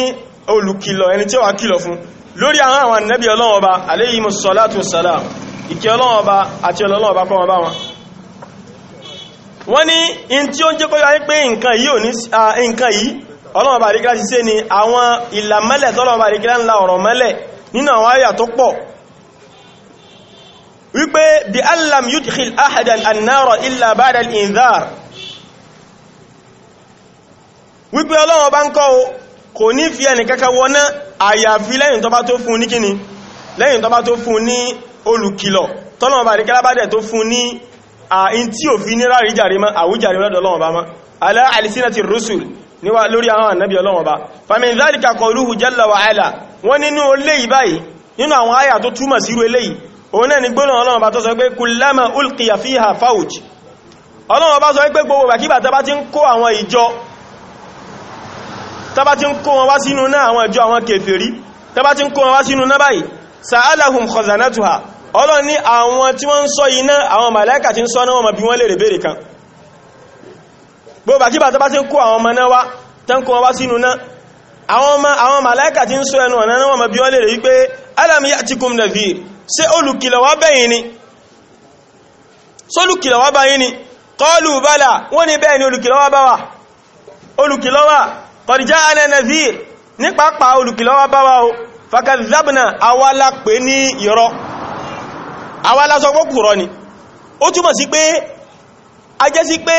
olùkìlọ̀ ẹni tí ó wà kìlọ̀ fún lórí àwọn àwọn ànábì ọlọ́run ọba alayhi musallatu wassalam ìkẹ́ ọlọ́run ọba àti ọlọ́run ọba kọ́ wọn bá wọn wọ́n ní in tí ó ń jẹ́ kó yá pé nǹkan yìí ọlọ́run nínú àwọn àyà tó pọ̀ wípé bí allam yudkhil ahadan annara illa ba'da al-inzar wípé Ọlọ́run bá ń kọ́ o kò ní fi ẹni kẹ́kẹ́ wọná àyàfi lẹ́yìn tó tó fún ní kíni lẹ́yìn tó tó fún ní olùkìlọ̀ tọ́lọ́run níwá lórí àwọn ànábì Ọlọ́run Ọba famin zalika qawluhu jalla wa ala wọ́n nínú eléyìí báyìí nínú àwọn àyà tó túmọ̀ sírú eléyìí òun náà ni gbólóhùn Ọlọ́run Ọba tó sọ pé kullama ulqiya fiha fawj Ọlọ́run Ọba sọ pé gbogbo bàkíbà tàbá ti ń kó àwọn ìjọ tàbá ti ń kó wọn wá sínú náà àwọn ìjọ àwọn kèfèrí tàbá ti ń kó wọn gbogbo àkíbà tó bá ti ń kó àwọn ọmọ náà wá tán kó wọn wá sínú náà àwọn màláíkà tí ń sọ ẹnu ọ̀nà náà wọ́n bí wọ́n lè rí pé alam bala wọ́n ní bẹ́ẹ̀ ni olùkìlọ̀ wa olùkìlọ̀ wá qad ja'ana nadhir ní pápá olùkìlọ̀ wá bá wa o fakadhabna awala pé ní awala sọ pé kùrọ̀ ni ó túmọ̀ sí pé a jẹ́ sí pé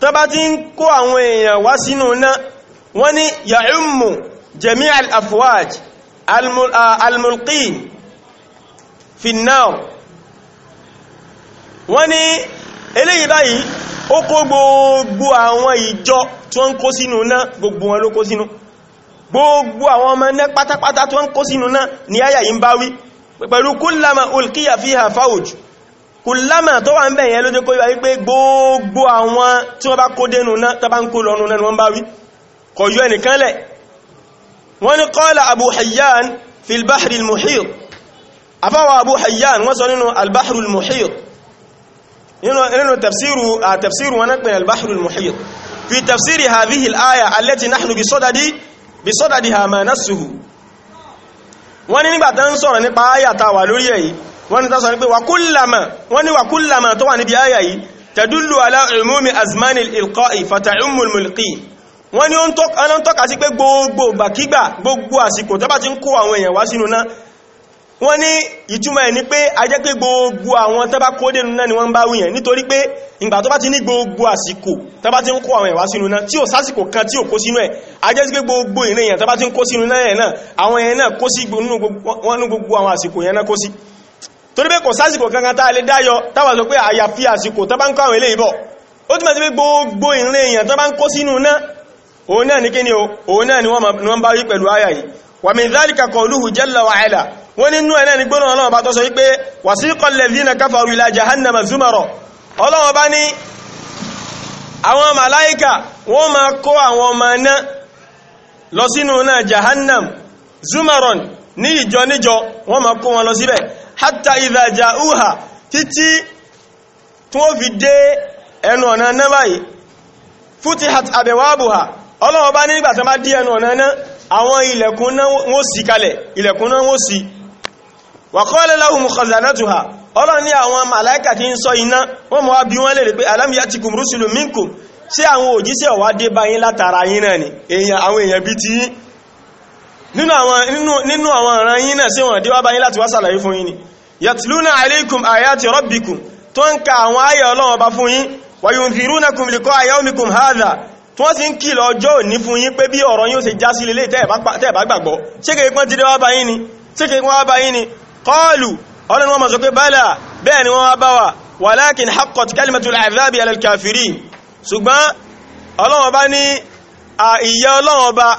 tó bá ti ń kó àwọn èèyàn wá sínú náà wọ́n ní ya'ummu jami al-afwaj al-mulqin fi an-nar wọ́n ní eléyìí báyìí ó kó gbogbo àwọn ìjọ tó ń kó sínú náà gbogbo wọn ló kó sínú gbogbo àwọn ọmọ náà pátápátá tó ń kó sínú náà ni àyà yìí ń bá wí pẹ̀lú kullama ulqiya kùlámà tó wà ń bẹ̀yẹ ló jẹ́ kó yíwa wípé gbogbo àwọn tí wọ́n bá kó dénú náà tàbá ń kó lọ́nu náà wọ́n bá wí kọ̀ yọ ẹnìkan lẹ̀ wọ́n ní qala Abu Hayyan fil bahri al-muhit afáwọ̀ Abu Hayyan wọ́n sọ nínú al-bahru al-muhit nínú tafsiru wọn ma nasuhu wọ́n ní nígbà tán sọ̀rọ̀ ayata wà lórí èyí wọ́n ni tásọ ní pé wàkúlàmà wọ́n ni wàkúlàmà tó wà níbi ayà yìí tẹ̀dúlù aláìmúmi azmanil ilqa'i fata'ummul mulqi wọ́n ni ó ń tọ́ka sí pé gbogbo gbàkígbà gbogbo àsìkò tó bá ti ń kó àwọn èèyàn wá sínú náà wọ́n ní ìtumọ̀ ẹ̀ ní pé a jẹ́ pé gbogbo àwọn tó bá kó dénú náà ni wọ́n bá wíyàn nítorí pé ìgbà tó bá ti ní gbogbo àsìkò tó bá ti ń kó àwọn èèyàn wá sínú náà tí ò sásìkò kan tí ò kó sínú ẹ̀ a jẹ́ pé gbogbo ìrìnyàn tó bá ti ń kó sínú náà torí pé kò sásìkò kankan tá a lè dáyọ táwà sọ pé àyàfi àsìkò tó bá ń kọ́ àwọn eléyìí bọ̀ ó túnmọ̀ sí pé gbogbo ìrìn èèyàn tó bá ń kó sínú náà òun náà ní kí ni òun náà ni wọ́n bá rí pẹ̀lú àyà yìí wà min dhalika qawluhu jalla wa ala wọ́n nínú ni gbóná ọlọ́wọ́ bá tó ìjọ níjọ wọ́n máa kó wọn lọ síbẹ̀ hatta idha uha títí tí wọ́n fi dé ẹnu ọ̀nà náà báyìí futihat abwabuha ọlọ́wọ́ bá ní nígbà tán bá dí ẹnu ọ̀nà náà àwọn ilẹ̀kùn náà wọ́n ṣí kalẹ̀ ilẹ̀kùn náà wọ́n ṣí wa qala lahum khazanatuha ọlọ́run ní àwọn màláíkà tí ń sọ iná wọ́n mọ̀ bí wọ́n lè pé alam yatikum rusulun minkum ṣé àwọn òjíṣẹ́ ó wá dé bá yín látara yín náà ni èèyàn àwọn èèyàn bí ti yín nínú àwọn ọ̀ràn yìí náà sí wọ́n dí wá báyí láti wá sàlàyé fún yín ni yatluna alaykum ayati rabbikum tó ń ka àwọn ayẹ ọlọ́wọ́ bá fún yín wa yunzirunakum liqa'a yawmikum hadha tó wọ́n sì ń kìlọ̀ ọjọ́ òní fún yín pé bí ọ̀rọ̀ yín ó ṣe já sí lélẹ̀ tẹ́ẹ̀bá gbàgbọ́ ṣéke pọ́n ti dé wá bá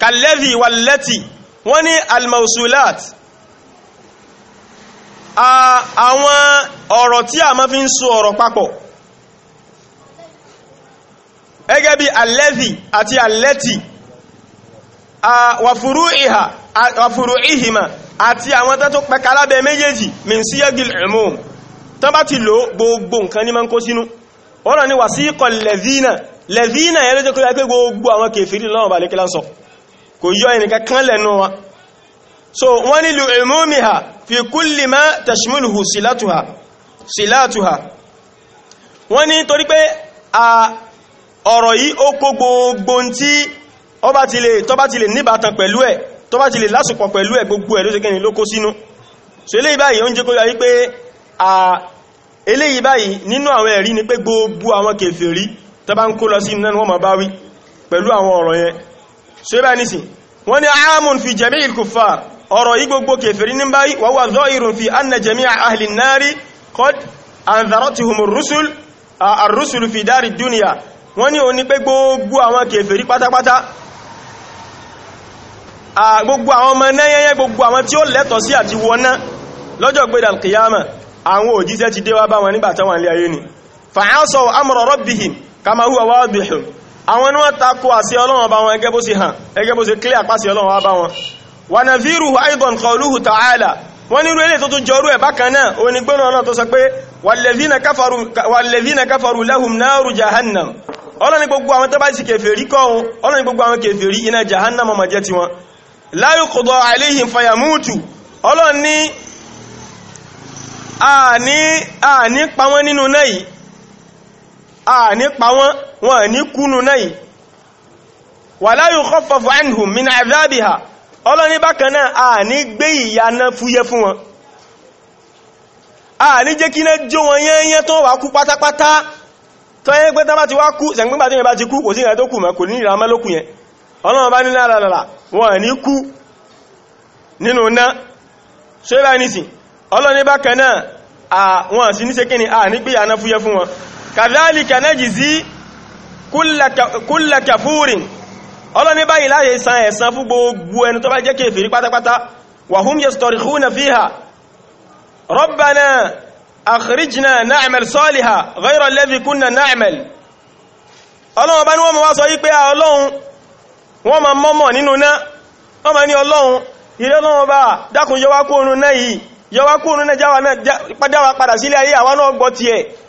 kàlẹ́dì wàlẹ́tì wọ́n ní almausulat àwọn ọ̀rọ̀ tí a máa fi ń so ọ̀rọ̀ papọ̀ gẹ́gẹ́ bí alẹ́dì àti alẹ́tì wàfúrú ìhà wàfúrú ìhìmà àti àwọn tẹ́ tó pẹ̀ka lábẹ́ méjèèjì min síyẹ́gìl umum tán bá ti lò gbogbo nǹkan ní ma ń kó sínú ọ̀rọ̀ ni wà sí ikọ̀ lẹ́dínà lẹ́dínà yẹ́lẹ́jẹ́ kó yá pé gbogbo àwọn kèfèrí lọ́wọ́ bà ń sọ kò yọ ẹnìkan kan lẹ́nu wa so wọ́n nílò ìmúmìhà fi kulli ma tashmuluhu sílátùhà sílátùhà wọ́n ní torí pé a ọ̀rọ̀ yìí ó kó gbogbo tí ó bá ti lè tó bá ti lè níbàtàn pẹ̀lú ẹ̀ tó bá ti lè lásùpọ̀ pẹ̀lú ẹ̀ gbogbo ẹ̀ ló ṣe kẹ́ni ló kó sínú a eléyìí báyìí ni pé gbogbo àwọn kèfèrí tó bá ń kó lọ sí iná ni wọ́n máa bá wí pẹ̀lú àwọn ọ̀rọ̀ yẹn ṣe bá nísìn wọ́n ni ààmùn fi jẹ́mí ìlkùfàr ọ̀rọ̀ yí gbogbo kèfèrí ní báyí wà wà zọ́ ìrùn fi anna jẹ́mí ahli nárí kọ́d anzarotihum arrusul fi dárí dúnìyà wọ́n ni o ní pé gbogbo àwọn kèfèrí pátápátá gbogbo àwọn ọmọ náyẹyẹ gbogbo àwọn tí ó lẹ́tọ̀ sí àti wọná lọ́jọ́ gbé dàlkìyàmà àwọn òjíṣẹ́ ti dé bá wọn nígbàtà wọn lé ayé ni fa'asaw amra rabbihim kama huwa wadihun àwọn ni wọ́n takò àṣẹ ọlọ́run bá wọn ẹgẹ́ bó ṣe hàn ẹgẹ́ bó ṣe clear pàṣẹ ọlọ́run bá wọn wà nà fíìrù aidan qawluhu ta'ala wọ́n nírú ilé tó tún jọrú ẹ̀ bákan náà onígbónà náà tó sọ pé walladhina kafaru lahum náàrù jahannam ọlọ́ni gbogbo àwọn tó bá sì kèfèrí kọ́hun ọlọ́ni gbogbo àwọn kèfèrí iná jahannam ọmọ jẹ́ tiwọn la yuqda alayhim fayamutu ọlọ́ni àní pàwọn nínú náà yìí a nípa wọn wọn ní kúnnù náà wala yukhaffafu anhum min adhabiha ọlọ́ní bákan náà a ní gbé ìyànà fúyẹ́ fún wọn a ní jẹ́ kí náà jó wọn yẹ́yẹ́ tó wà kú pátápátá tó yẹ́ pé tábà ti wá kú sẹ̀gbẹ́gbà tó yẹ bá ti kú kò sí ìrìn tó kù mọ́ kò ní ìrìn amẹ́lókù yẹn ọlọ́run bá ní lára wọn ní ni a ní gbé ìyànà fúyẹ́ fún wọn kàdálìkà najzi kulla kafurin ọlọ́ni báyìí láyé san ẹ̀san fún gbogbo ẹni tó bá jẹ́ kèfèrí pátápátá wa hum yastarikhuna fiha rabbana akhrijna na'mal salihan ghayra alladhi kunna na'mal ọlọ́run bá ní wọ́n ma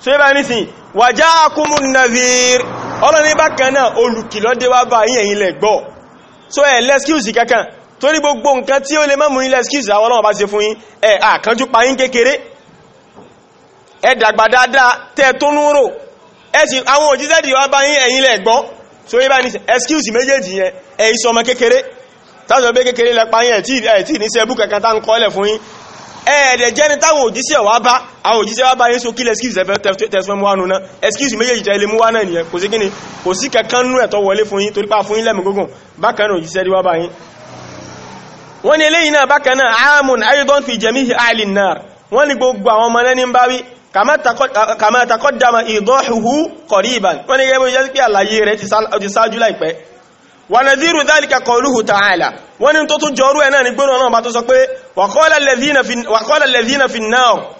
so yíba nísìn wàjá akúmù nàzír ọlọ́ni bákan náà olùkìlọ́ dé wá bá yín ẹ̀yin lẹ gbọ́ so ẹ̀ lẹ́skíùsì kankan tó ní gbogbo nǹkan tí ó lè mọ́mù yín lẹ́skíùsì àwọn ọlọ́wọ́ bá ṣe fún yín ẹ̀ àkánjú pa yín kékeré ẹ dàgbà dáadáa tẹ́ tó so yíba nísìn ẹskíùsì méjèèjì yẹn ẹ̀ ìsọmọ kékeré táwọn ọbẹ̀ kékeré lẹ pa yín ẹ̀ ẹ̀ẹ̀dẹ̀ jẹ́ni táwọn òjíṣẹ́ wá bá àwọn òjíṣẹ́ wá bá yín so kílẹ̀ excuse tẹ̀sùn mú wánu náà excuse méjèèjì tẹ́ ilé mú wá náà nìyẹn kò sí kíni kò sí kankan nú ẹ̀tọ́ wọlé fún yín torípa fún yín lẹ́mí gógùn bákan náà òjíṣẹ́ rí wá bá yín wọ́n ní eléyìí náà bákan náà amun ayodon fi jamihi alin nar wọ́n ní gbogbo àwọn ọmọ náà ní ń bá wí kàmá takọ́dàmà ìdọ́hùhù kọ̀ríban wọ́n ní gẹ́gẹ́ bó jẹ́ pé àlàyé rẹ̀ ti ṣáájú láìpẹ́ wà nàdírù dálìkà kọlùhù tààlà wọ́n ní tó tún jọrú ẹ̀ náà ní gbóná náà bá tó sọ pé وقال الذين في وقال الذين في النار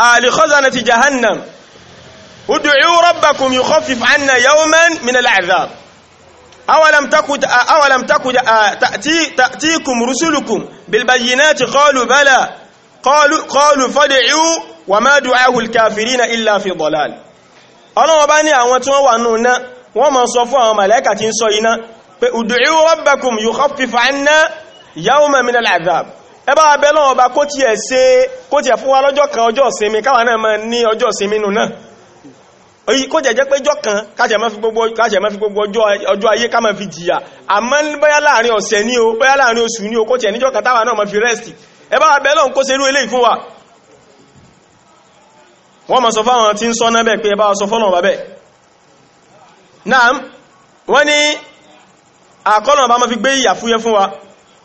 آل آه، خزنة جهنم ادعوا ربكم يخفف عنا يوما من العذاب أولم تكن آه، أولم تكن آه، تأتي تأتيكم رسلكم بالبينات قالوا بلى قالوا قالوا فادعوا وما دعاه الكافرين إلا في ضلال أنا bá ní àwọn tí wọ́n wà nù náà wọ́n máa sọ fún yawma min al ẹbá ẹ bá ọba lọ́wọ́ bá ṣe kó tiẹ̀ fún wa lọ́jọ́ kan ọjọ́ ìsinmi káwa náà ní ọjọ́ ìsinmi nù náà oyi kó jẹ́ pé kan káṣẹ̀ mọ́ fi gbogbo ọjọ́ ayé ká máa fi jìyà àmọ́ bóyá láàrin ọ̀sẹ̀ ní o bóyá láàrin oṣù ní o kó tiẹ̀ níjọ́ kan táwa náà fi rẹ́sì ẹ bá bẹ lọ́wọ́ kó ṣerú eléyìí wa wọ́n máa sọ fáwọn tí ń sọ náà bẹ́ẹ̀ pé sọ fọ́nà náà wọ́n fi gbé ìyà fúyẹ́ fún wa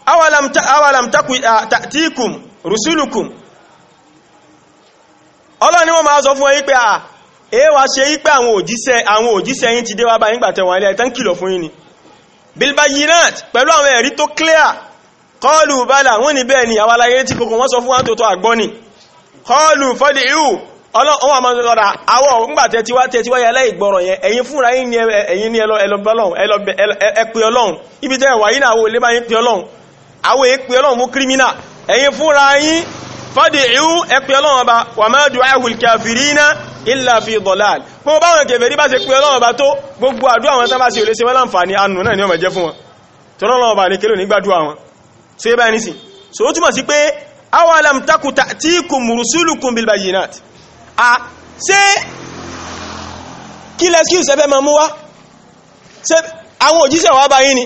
awalam awalam taku ta'tikum rusulukum Ọlọ́run ni wọ́n máa sọ fún yín pé ah ẹ wá ṣe yí pé àwọn òjíṣẹ́ àwọn òjíṣẹ́ yín ti dé wá bá yín gbà tẹ́ wọn kìlọ̀ fún yín ni bil yinat pẹ̀lú àwọn ẹ̀rí tó clear qalu bala wọ́n ní bẹ́ẹ̀ ni awalaye tí kokon wọ́n sọ fún wa tó tó agbo ni qalu fadiu Ọlọ́run wọ́n máa sọ da àwọn ngba tẹ́ ti wá tẹ́ ti wá ya lai gboro yẹn ẹ̀yin fúnra yín ni ẹ̀yin ni ẹ Ọlọ́run ibi tẹ́ wà yín na wo yín pè Ọlọ́run àwọn èpè ọlọ́run mú kírímínà ẹ̀yin fúnra yín fọ́dì ìhú ẹpẹ ọlọ́run ọba wà máa dùn áhùl kàfìrínà ìlà fi dọ̀láàl gbogbo báwọn kèfèrí bá ṣe pé ọlọ́run ọba tó gbogbo àdúrà ni ọmọ jẹ́ fún wọn tọ́rọ ọlọ́run ọba nìkẹ́lò nígbàdúrà wọn so yẹ báyìí nísìn so ó túmọ̀ sí a ṣe kí lẹ́skíù sẹ́fẹ́ máa mú wá ṣe àwọn òjíṣẹ́ wa báyìí ni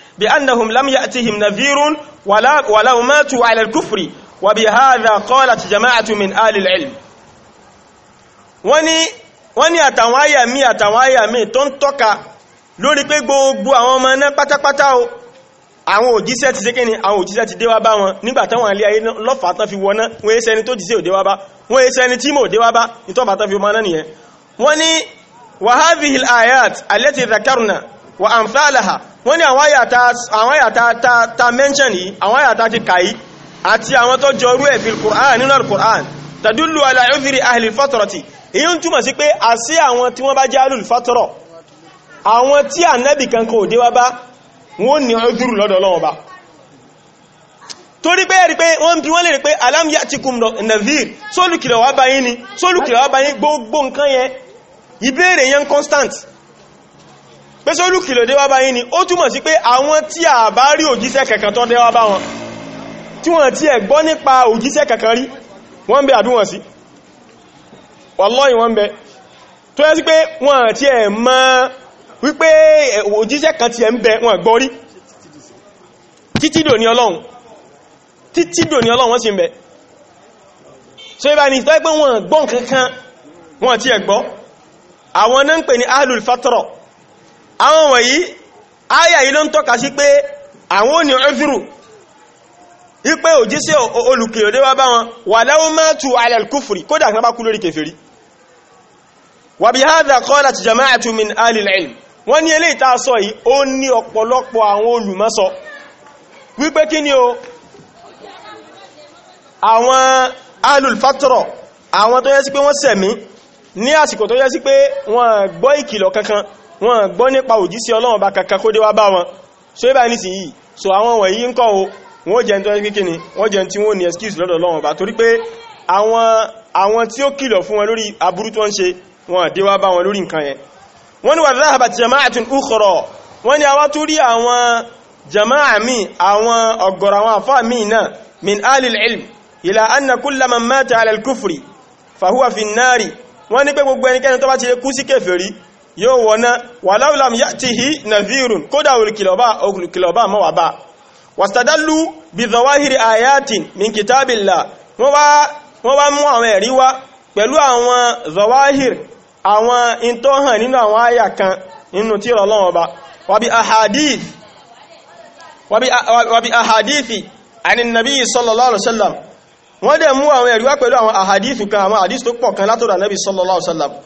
بأنهم لم يأتهم نذير ولا ولو ماتوا على الكفر وبهذا قالت جماعة من آل العلم wani wani àtàwọn àyà mi àtàwọn àyà mi tó ń tọ́ka lórí pé gbogbo àwọn ọmọ náà pátápátá o àwọn òjíṣẹ́ ti ṣe kíni àwọn òjíṣẹ́ ti déwá bá wọn nígbà táwọn ilé ayé lọ́fàá tán fi wọná wọ́n èsẹ́ ẹni wa amthalaha wọ́n ní àwọn àyàtà ta mention yìí àwọn àyàtà ti kàí àti àwọn tó jọrú e fil Qur'an nínú al-Qur'an tadullu ala udhri ahli al-fatrati èyí ń túmọ̀ sí pé àsí àwọn tí wọ́n bá jẹ́ alul fatrọ àwọn tí ànábì kankan òde wá bá wọ́n ní udhru lọ́dọ̀ Ọlọ́run bá torí bẹ́ẹ̀ rí pé wọ́n bí wọ́n lè rí pé alam ya'tikum nadhir sólùkìlọ̀ wá báyìí ni sólùkìlọ̀ wá báyìí gbogbo nǹkan yẹn ìbéèrè yẹn constant pé sólù kìlò dé wá bá yín ni ó túmọ̀ sí pé àwọn tí a bá rí òjíṣẹ́ kankan tó dé wá bá wọn tí wọ́n ti ẹ̀ gbọ́ nípa òjíṣẹ́ kankan rí wọ́n bẹ àbí wọ́n sí wallahi wọ́n bẹ tó yẹ sí pé wọ́n ti ẹ̀ mọ̀ wípé òjíṣẹ́ kan ti ẹ̀ ń bẹ wọ́n gbọ́ rí títí dòní ọlọ́run títí dòní ọlọ́run wọ́n sì ń bẹ so ibà ní tó yẹ pé wọ́n gbọ́ nǹkan kan wọ́n ti ẹ̀ gbọ́ àwọn àwọn wọ̀nyí ayà yìí ló ń tọ́ka sí pé àwọn ò ní ọ́fírù wípé òjíṣẹ́ olùkèrèdé wá bá wọn wà láwọn máa tù alẹ́lkúfùrí kódà kan bá kú lórí kèfèrí wà bí hádà kọ́lá ti jama'a tún ni o àwọn alùlfàtọ̀rọ̀ àwọn tó yẹ sí pé wọ́n àsìkò tó yẹ sí pé wọ́n gbọ́ ìkìlọ̀ kankan wọn gbọ́ nípa òjísí ọlọ́run bá kankan kó dé wá bá wọn so ibà ní sí yìí so àwọn wọ̀nyí ń kọ́ o wọ́n jẹ́ tó kíkí ni wọ́n jẹ́ tí wọ́n ní excuse lọ́dọ̀ ọlọ́run bá torí pé àwọn tí ó kìlọ̀ fún wọn lórí aburú tó ń ṣe wọn dé wá bá wọn lórí nǹkan yẹn wọ́n ní wàdá àbàtì jama'atun ukhra wọ́n ní àwọn tó rí àwọn jama'a mi àwọn ọ̀gọ̀rọ̀ àwọn àfá mi náà min alil ilm ila anna kulla man mata kufri fahuwa fi nari wọ́n ní pé gbogbo ẹnikẹ́ni tó bá ti kú sí kèfèrí yóò wọ́ná wàláwùlám yá ti hì nàzírùn kódà olùkìlọ̀bá olùkìlọ̀bá mọ́ wà bá wàstàdálù bí zawahiri ayatin min kitabillah wọ́n wá mú àwọn ẹ̀rí wá pẹ̀lú àwọn zawahir àwọn intohan nínú àwọn àyà kan nínú tí Ọlọ́run Ọba wàbí ahadith wàbí ahadithi àni nàbí sallallahu alaihi wasallam wọ́n dẹ̀ mú àwọn ẹ̀rí wá pẹ̀lú àwọn ahadith kan àwọn sallallahu alaihi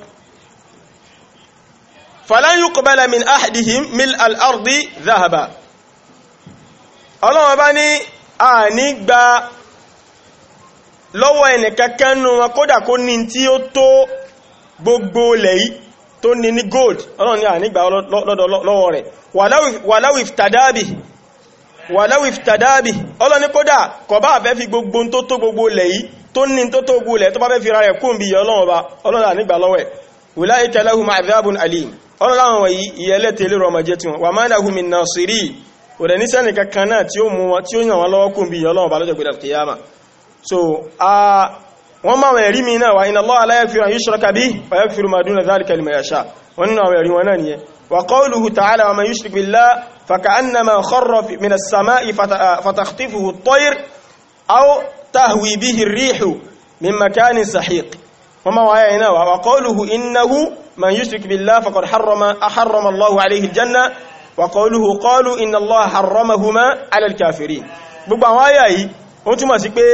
falan yuqbala min ahadihim mil al-ardi dhahaba ọlọ́wọ́n bá ní a ní gba lọ́wọ́ ẹnìkankan nù wọn kódà kó ní tí ó tó gbogbo lẹ́yìí tó ní ní gold ọlọ́run ní ànígbà lọ́wọ́ rẹ̀ wàláwì tàdábì wàláwì tàdábì ọlọ́ni kódà kọ̀ bá fẹ́ fi gbogbo tó tó gbogbo lẹ̀ tó ní tó tó gbogbo lẹ̀ tó bá fẹ́ fi ra rẹ̀ kún bí ọlọ́run ọba ọlọ́run wùláyé tẹ́lẹ́hùn ma'azabun alim ọlọ́rọ̀ àwọn wọ̀nyí ìyẹ́lẹ́tẹ̀ lérò ọmọ jẹ́ tiwọn wà máa lahum min nasiri kò dẹ̀ níṣẹ́ nìkan kan náà tí ó mú wọn tí ó yàn wọn lọ́wọ́ kùn bí ọlọ́run bá lọ́jọ́ gbẹ̀dẹ̀ kìyàmà so wọ́n máa tahwi bihi ar min makanin sahiq wọ́n máa wọ̀ ẹ̀rí náà wa qawluhu innahu من يشرك بالله فقد حرم أحرم الله عليه الجنة وقوله قالوا إن الله حرمهما على الكافرين gbogbo àwọn àyà yìí ó túnmọ̀ sí pé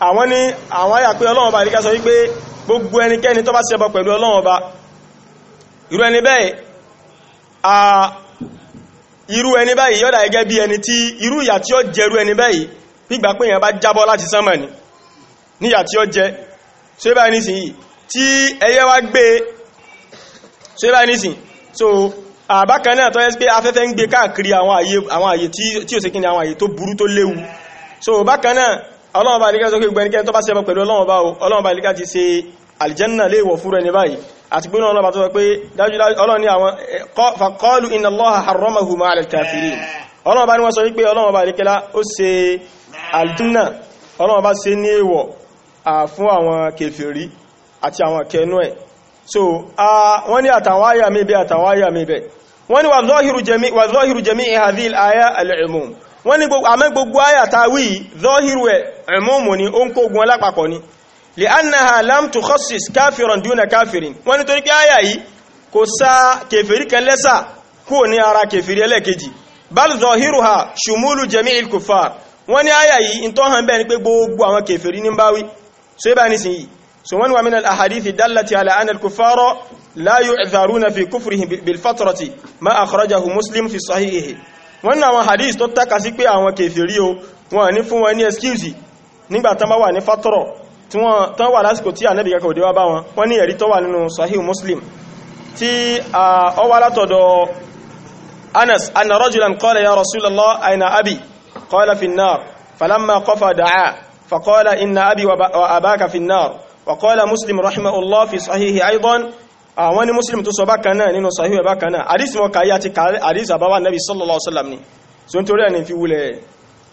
àwọn ní àwọn àyà pé Ọlọ́run bá ìríkà sọ wípé gbogbo ẹnikẹ́ni tó bá ṣẹbọ pẹ̀lú Ọlọ́run bá irú ẹni bẹ́ẹ̀ à irú ẹni báyìí yọ́dà gẹ́gẹ́ bí ẹni tí irú ìyà tí ó jẹ ẹni báyìí ṣe bá nísìn so àbákan náà tọ́ yẹ́ pé afẹ́fẹ́ ń gbé káàkiri àwọn àyè tí ó sì kíni àwọn àyè tó burú tó léwu so bákan náà ọlọ́wọ́n bá alíkà sọ pé gbẹnikẹ́ni tó bá ṣẹbọ pẹ̀lú ọlọ́wọ́n bá alíkà ti ṣe aljanna lè wọ̀ fúrẹ́ ní báyìí àti gbóná ọlọ́wọ́ tó sọ pé dájúdájú ọlọ́ni àwọn faqalu inna Allaha harramahu ma'al kafirin ọlọ́wọ́n bá ní wọ́n sọ wípé ọlọ́wọ́n bá alíkẹ́lá ó ṣe aljanna ọlọ́wọ́n bá ṣe ní èèwọ̀ fún àwọn kèfèrí àti àwọn kẹnú ẹ̀ so wọ́n ní àtàwọn àyà mi bẹ́ àtàwọn àyà mi bẹ́ wọ́n ní wà zọ́hìrù jami'i hadhihi al-aya al-umum wọ́n ní àmẹ́ gbogbo àyà tàwí zọ́hìrù ẹ̀ umumu ni ó ń kó gun alápapọ̀ ni li'annaha lam tukhassis kafiran duna kafirin wọ́n ní torí pé àyà yìí kò sa bal zọ́hìrùha shumulu jami'il kuffar wọ́n ní àyà yìí in tó hàn bẹ́ẹ̀ ni pé gbogbo سوان ومن الأحاديث الدالة على أن الكفار لا يعذرون في كفرهم بالفترة ما أخرجه مسلم في صحيحه wọ́n àwọn hadith tó tàkà sí pé àwọn kèfèrí o wọ́n ní fún wọn ní excuse nígbà tán bá wà ní fátọ́rọ̀ tí wọ́n tán wà lásìkò tí ànẹ́bì kẹkọ̀ òdíwá bá wọn wọ́n ní ẹ̀rí tó wà nínú sahih muslim tí ó wá látọ̀dọ̀ anas anna rajulan qala ya rasulallah aina abi qala fi nnar falamma qafa da'a faqala inna abi wa abaka fi nnar وقال مسلم رحمه الله في صحيح أيضا àwọn ni muslim tó sọ bákan náà nínú sahih ẹ̀ bákan náà àdísì wọn kàáyà ti àdísì àbáwà nabi sallallahu alaihi wasallam ni so n torí ẹ̀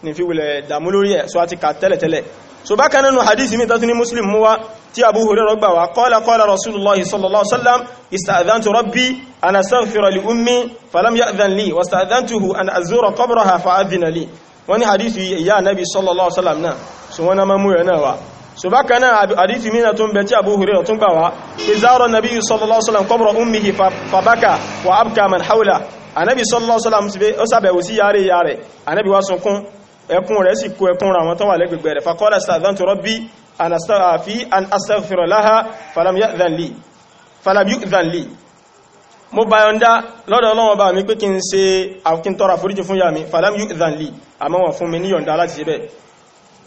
ní fi wulẹ̀ dàmú lórí ẹ̀ so a ti kà tẹ́lẹ̀tẹ́lẹ̀ so bákan nínú àdísì mi tàtí ní muslim mú wá tí abu hurairah gbà wá qala qala rasulullahi sallallahu alaihi wasallam ista'dhantu rabbi an astaghfira li ummi falam ya'dhan li wasta'dhantuhu an azura qabraha fa'adhina li wọ́n ní àdísì ìyá nabi sallallahu alaihi wasallam náà so wọ́n na máa mú rẹ̀ náà wá so bákan náà àdífì mínà tó ń bẹ tí Abu Hurairah tún gbà wá pé zara nabiyyu sallallahu alaihi wasallam qabra ummihi fabaka wa abka man hawla anabi sallallahu alaihi wasallam ó sàbẹ̀wò sí yàrá ìyá rẹ̀ anabi wá sunkún ẹkún rẹ̀ sì kó ẹkún ra wọn tó wà lẹ́gbẹ̀gbẹ̀ rẹ̀ faqala ista'dhantu rabbi an astaghfira laha falam yu'dhan li falam yu'dhan li mo bayọ̀ndá lọ́dọ̀ Ọlọ́run Ọba mi pé kí n ṣe àkíntọ́ra foríjì fún yà mi falam yu'dhan li àmọ́ fún mi níyọ̀ndá láti ṣe bẹ́ẹ̀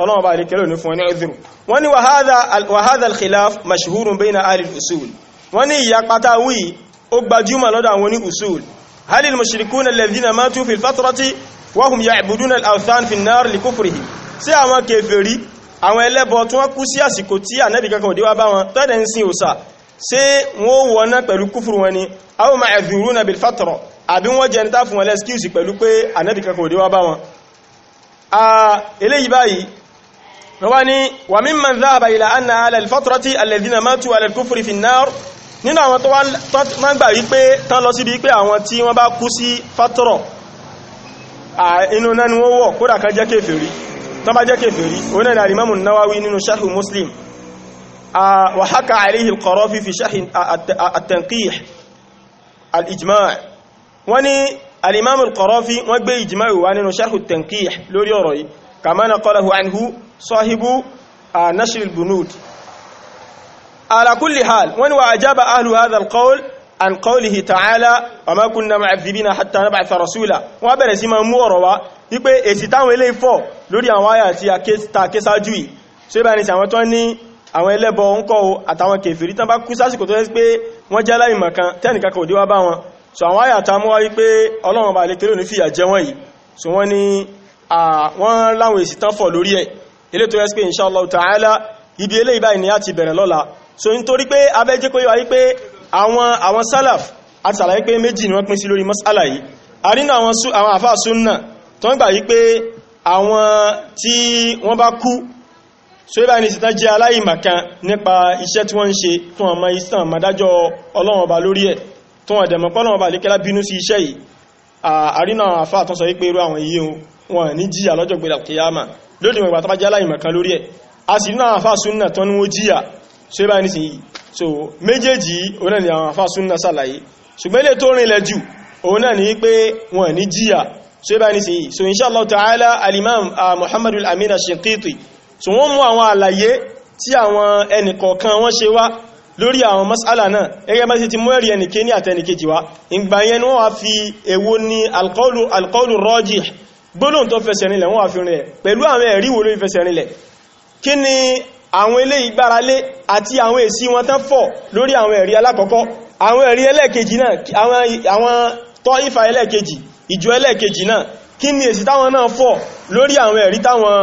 ọlọ́wọ́ bá lè kẹlò ní fún ẹni ẹ̀dùrù wọ́n ni wàhádà al-khilaf mashhurun bayna alil usul wọ́n ni ìyapata wí ó gbajúmọ̀ lọ́dọ̀ àwọn ní usul halil mashirikun alladhina matu fil fatrati wa hum ya'buduna al-awthan fi an-nar li kufrihi sí àwọn kèfèrí àwọn ẹlẹ́bọ tí wọ́n kú sí àsìkò tí ànábì kankan òdí wá bá wọn tọ́dẹ̀ ń sin òsà ṣé fún wọn pẹ̀lú pé ànábì kankan bá wọn eléyìí báyìí wọ́n ni wà mímọ̀ záàbà ilẹ̀ anna alẹ́lfọ́tọ́rọ́tí alẹ́dínà mọ́tù alẹ́kúfùrí fi náà nínú àwọn tó wọ́n gbà wípé tán lọ síbi pé àwọn tí wọ́n bá kú sí fátọ́rọ̀ inú náà ni wọ́n wọ̀ kódà kan jẹ́ kèfèrí tán bá jẹ́ kèfèrí òun náà ni Imamu Nawawi nínú Sharh Muslim wa haka alayhi al-Qarafi fi Sharh kama naqalahu anhu sahibu nashr al-bunud ala kulli hal wa wa ajaba ahlu hadha al-qawl an qawlihi ta'ala wa ma kunna mu'adhibina hatta nab'atha rasula wa bẹ̀rẹ̀ sí ma mú ọ̀rọ̀ wá wípé èsì táwọn eléyìí fọ̀ lórí àwọn àyà tí a ké sáájú yìí so ibà ní sàwọn tó ní àwọn ẹlẹ́bọ ń kọ́ àtàwọn kèfèrí tán bá kú sásìkò tó jẹ́ wọ́n jẹ́ láì mọ̀kan tẹ́nìkan kò bá wọn wọ́n láwọn èsì tán fọ̀ lórí ẹ̀ ilé tó yẹ́sí pé inshallah ta'ala ibi eléyìí báyìí ni a ti bẹ̀rẹ̀ lọ́la so nítorí pé abẹ́jẹ́ pé wáyé pé àwọn àwọn salaf àti sàlàyé pé méjì ni wọ́n pín sí lórí mas'ala yìí a nínú àwọn àfáà súnnà tó ń gbà yí pé àwọn tí wọ́n bá kú so ibà ní ìsìtán jẹ́ aláìmọ̀kan nípa iṣẹ́ tí wọ́n ń ṣe tún ọmọ ìsìtàn mọ̀dájọ́ ọlọ́run ọba lórí ẹ̀ tún ọ̀dẹ̀mọ̀pọ̀ ọlọ́run ọba lékẹ́lá bínú sí iṣẹ́ yìí àrínà àfáà tán sọ wípé irú àwọn iye ohun wọn ní jíyà lọ́jọ́ gbé alkiyama lórí wọn ìgbàtàbá jẹ́ aláìmọ̀ kan lórí ẹ̀ a sì náà àfá súnnà tán ní wọ́n jíyà so ibá nísìn yìí so méjèèjì òun ni àwọn àfá súnnà sàlàyé ṣùgbọ́n ilé tó rìnlẹ̀ jù òun ni pé wọn ní jíyà so ibá nísìn yìí so insha Allah alimam muhammadu al-amin so wọ́n mú àwọn àlàyé tí àwọn ẹnìkọ̀ọ̀kan wọ́n ṣe wá lórí àwọn masala náà ẹgbẹ́ bá ti ti mú ẹ̀rí ẹnìké ní àtẹnìkejì wá ìgbà yẹn wọ́n fi èwo ni alqawlu alqawlu gbólóhùn tó fẹsẹ̀ rinlẹ̀ wọ́n wà fi rinlẹ̀ pẹ̀lú àwọn ẹ̀rí wo ló fẹsẹ̀ rinlẹ̀ kí ni àwọn ilé ìgbáralé àti àwọn èsì wọn tán fọ̀ lórí àwọn ẹ̀rí alákọ̀ọ́kọ́ àwọn ẹ̀rí ẹlẹ́ẹ̀kejì náà àwọn tọ́ ìfà ẹlẹ́ẹ̀kejì ìjọ ẹlẹ́ẹ̀kejì náà kí ni èsì táwọn náà fọ̀ lórí àwọn ẹ̀rí táwọn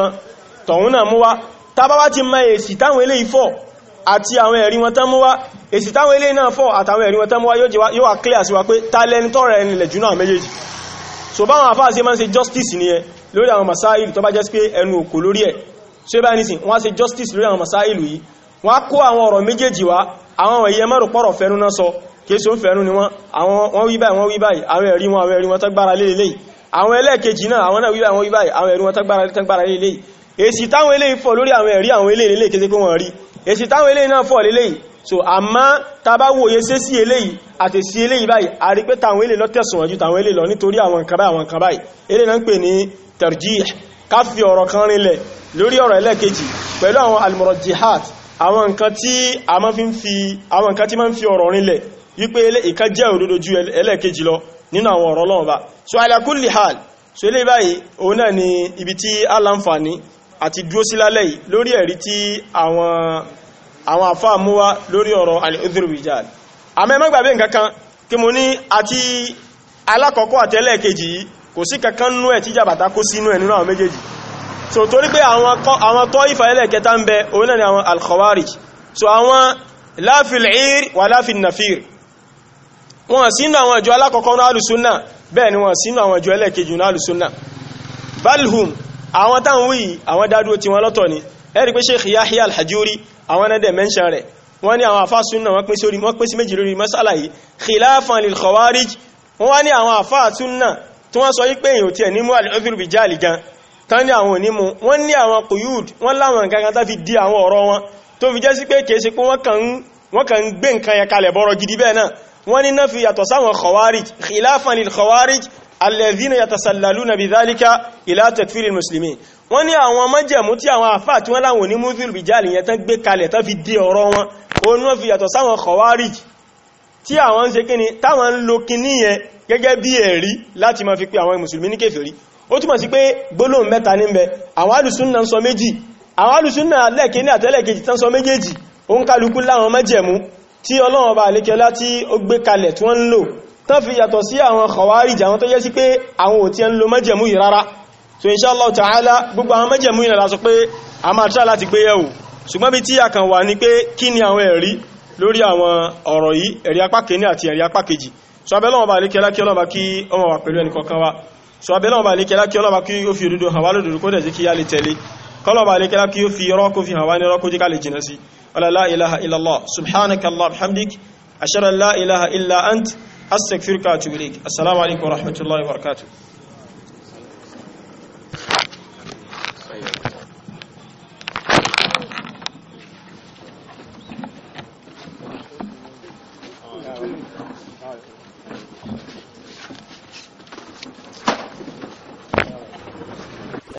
tọ̀hún náà mú wá tábáwá ti mọ èsì táwọn ilé ìfọ̀ àti àwọn ẹ̀rí wọn tán mú wá èsì táwọn ilé náà fọ̀ àtàwọn ẹ̀rí wọn tán mú wá yóò wá clear sí wa pé ta lẹni tọ́rọ ẹni lẹ̀ náà méjèèjì so báwọn àfáà sí máa ń ṣe justice ní ẹ lórí àwọn masáìlù tó bá jẹ́ pé ẹnu òkò lórí ẹ̀ so bá ní sin wọ́n ṣe justice lórí àwọn masáìlù yìí wọ́n kó àwọn ọ̀rọ̀ méjèèjì wá àwọn ẹ̀yẹ mẹ́rù pọ̀rọ̀ fẹ́nu náà sọ késo fẹ́nu ni wọ́n wí báyìí wọ́n wí báyìí àwọn ẹ̀rí wọn àwọn ẹ̀rí wọn tágbára lé lélẹ́yìí àwọn ẹlẹ́ẹ̀kejì náà àwọn náà wí wọ́n wí so àmá tàbá wòye sí sí eléyìí àti sí eléyìí báyìí a rí pé tàwọn ilé lọ tẹ̀sùn ju tàwọn ilé lọ nítorí àwọn nǹkan báyìí àwọn nǹkan báyìí ilé náà ń pè ní tarjih ká fi ọ̀rọ̀ kan rinlẹ̀ lórí ọ̀rọ̀ ẹlẹ́ẹ̀kejì pẹ̀lú àwọn almurajjihat àwọn nǹkan tí a máa fi ń fi so ala hal so ilé báyìí ni ibi tí a láǹfààní àti dúró sí lálẹ́ àwọn àfáà mú wá lórí ọ̀rọ̀ al-udhruwijal àmẹ́ mọ́gbàgbé nǹkankan kí mo ní àti alákọ̀ọ́kọ́ àtẹ́lẹ̀kejì yìí kò sí kankan nú ẹ̀ tí jàbàtà kó sínú ẹ̀ nínú àwọn méjèèjì so torí pé àwọn tọ́ ìfà ẹlẹ́kẹta ń bẹ òun náà ni àwọn al-khawarij so àwọn la fil 'ir wà la fin nafir wọn sínú àwọn ìjọ alákọ̀ọ́kọ́ náà alùsúnnà bẹ́ẹ̀ ni wọn sínú àwọn ìjọ ẹlẹ́kejì náà alùsúnnà balhum àwọn táwọn pé Sheikh Yahya al-Hajuri àwọn ẹ̀dẹ̀ mẹ́ṣẹ́ rẹ̀ wọ́n ní àwọn àfáà súnà wọ́n pín sí orí wọ́n pín sí méjì lórí masala yìí khilafan lil khawarij wọ́n wá ní àwọn àfáà súnà tí wọ́n sọ wípé èyàn tí ẹ̀ nímú ní àwọn wọ́n ní àwọn mọ́jẹ̀mú tí àwọn àfà tí wọ́n láwọn onímúzùlù ìjáàlì yẹn tán gbé kalẹ̀ tán fi dé ọ̀rọ̀ wọn òun náà fi yàtọ̀ sáwọn khawarij tí àwọn ń ṣe kíni táwọn ń lo kíní yẹn gẹ́gẹ́ bí ẹ̀rí láti máa fi pé àwọn mùsùlùmí ní kèfèrí ó túmọ̀ sí pé gbólóhùn mẹ́ta ní bẹ àwọn alùsúnnà ń sọ méjì àwọn alùsúnnà lẹ́ẹ̀kíní àtẹ́lẹ̀kejì tán sọ méjèèjì so inshallah ta'ala gbogbo àwọn mẹ́jẹ̀mú ìrìnlá sọ pé a máa tíra láti gbé yẹ̀wò ṣùgbọ́n bí tí a kàn wà ní pé kí ni àwọn ẹ̀rí lórí àwọn ọ̀rọ̀ yìí ẹ̀rí apá kìíní àti ẹ̀rí apá so abẹ́lọ́wọ́ bá lékẹ́lá kí ọlọ́ba kí ọmọ wà pẹ̀lú ẹnì kọ̀ọ̀kan wa so abẹ́lọ́wọ́ bá lékẹ́lá kí ọlọ́ba kí ó fi òdodo hàn wá lódodo kó dẹ̀ sí kí yá lè tẹ̀lé kọlọ́ba lékẹ́lá kí ó fi ọrọ́ kó fi hàn wá ní ọrọ́ kó jẹ́ ká lè jìnà sí la ilaha illallah subhanaka allahumma bihamdik ashhadu la ilaha illa ant astaghfiruka wa atubu ilaik assalamu alaikum wa rahmatullahi wa barakatuh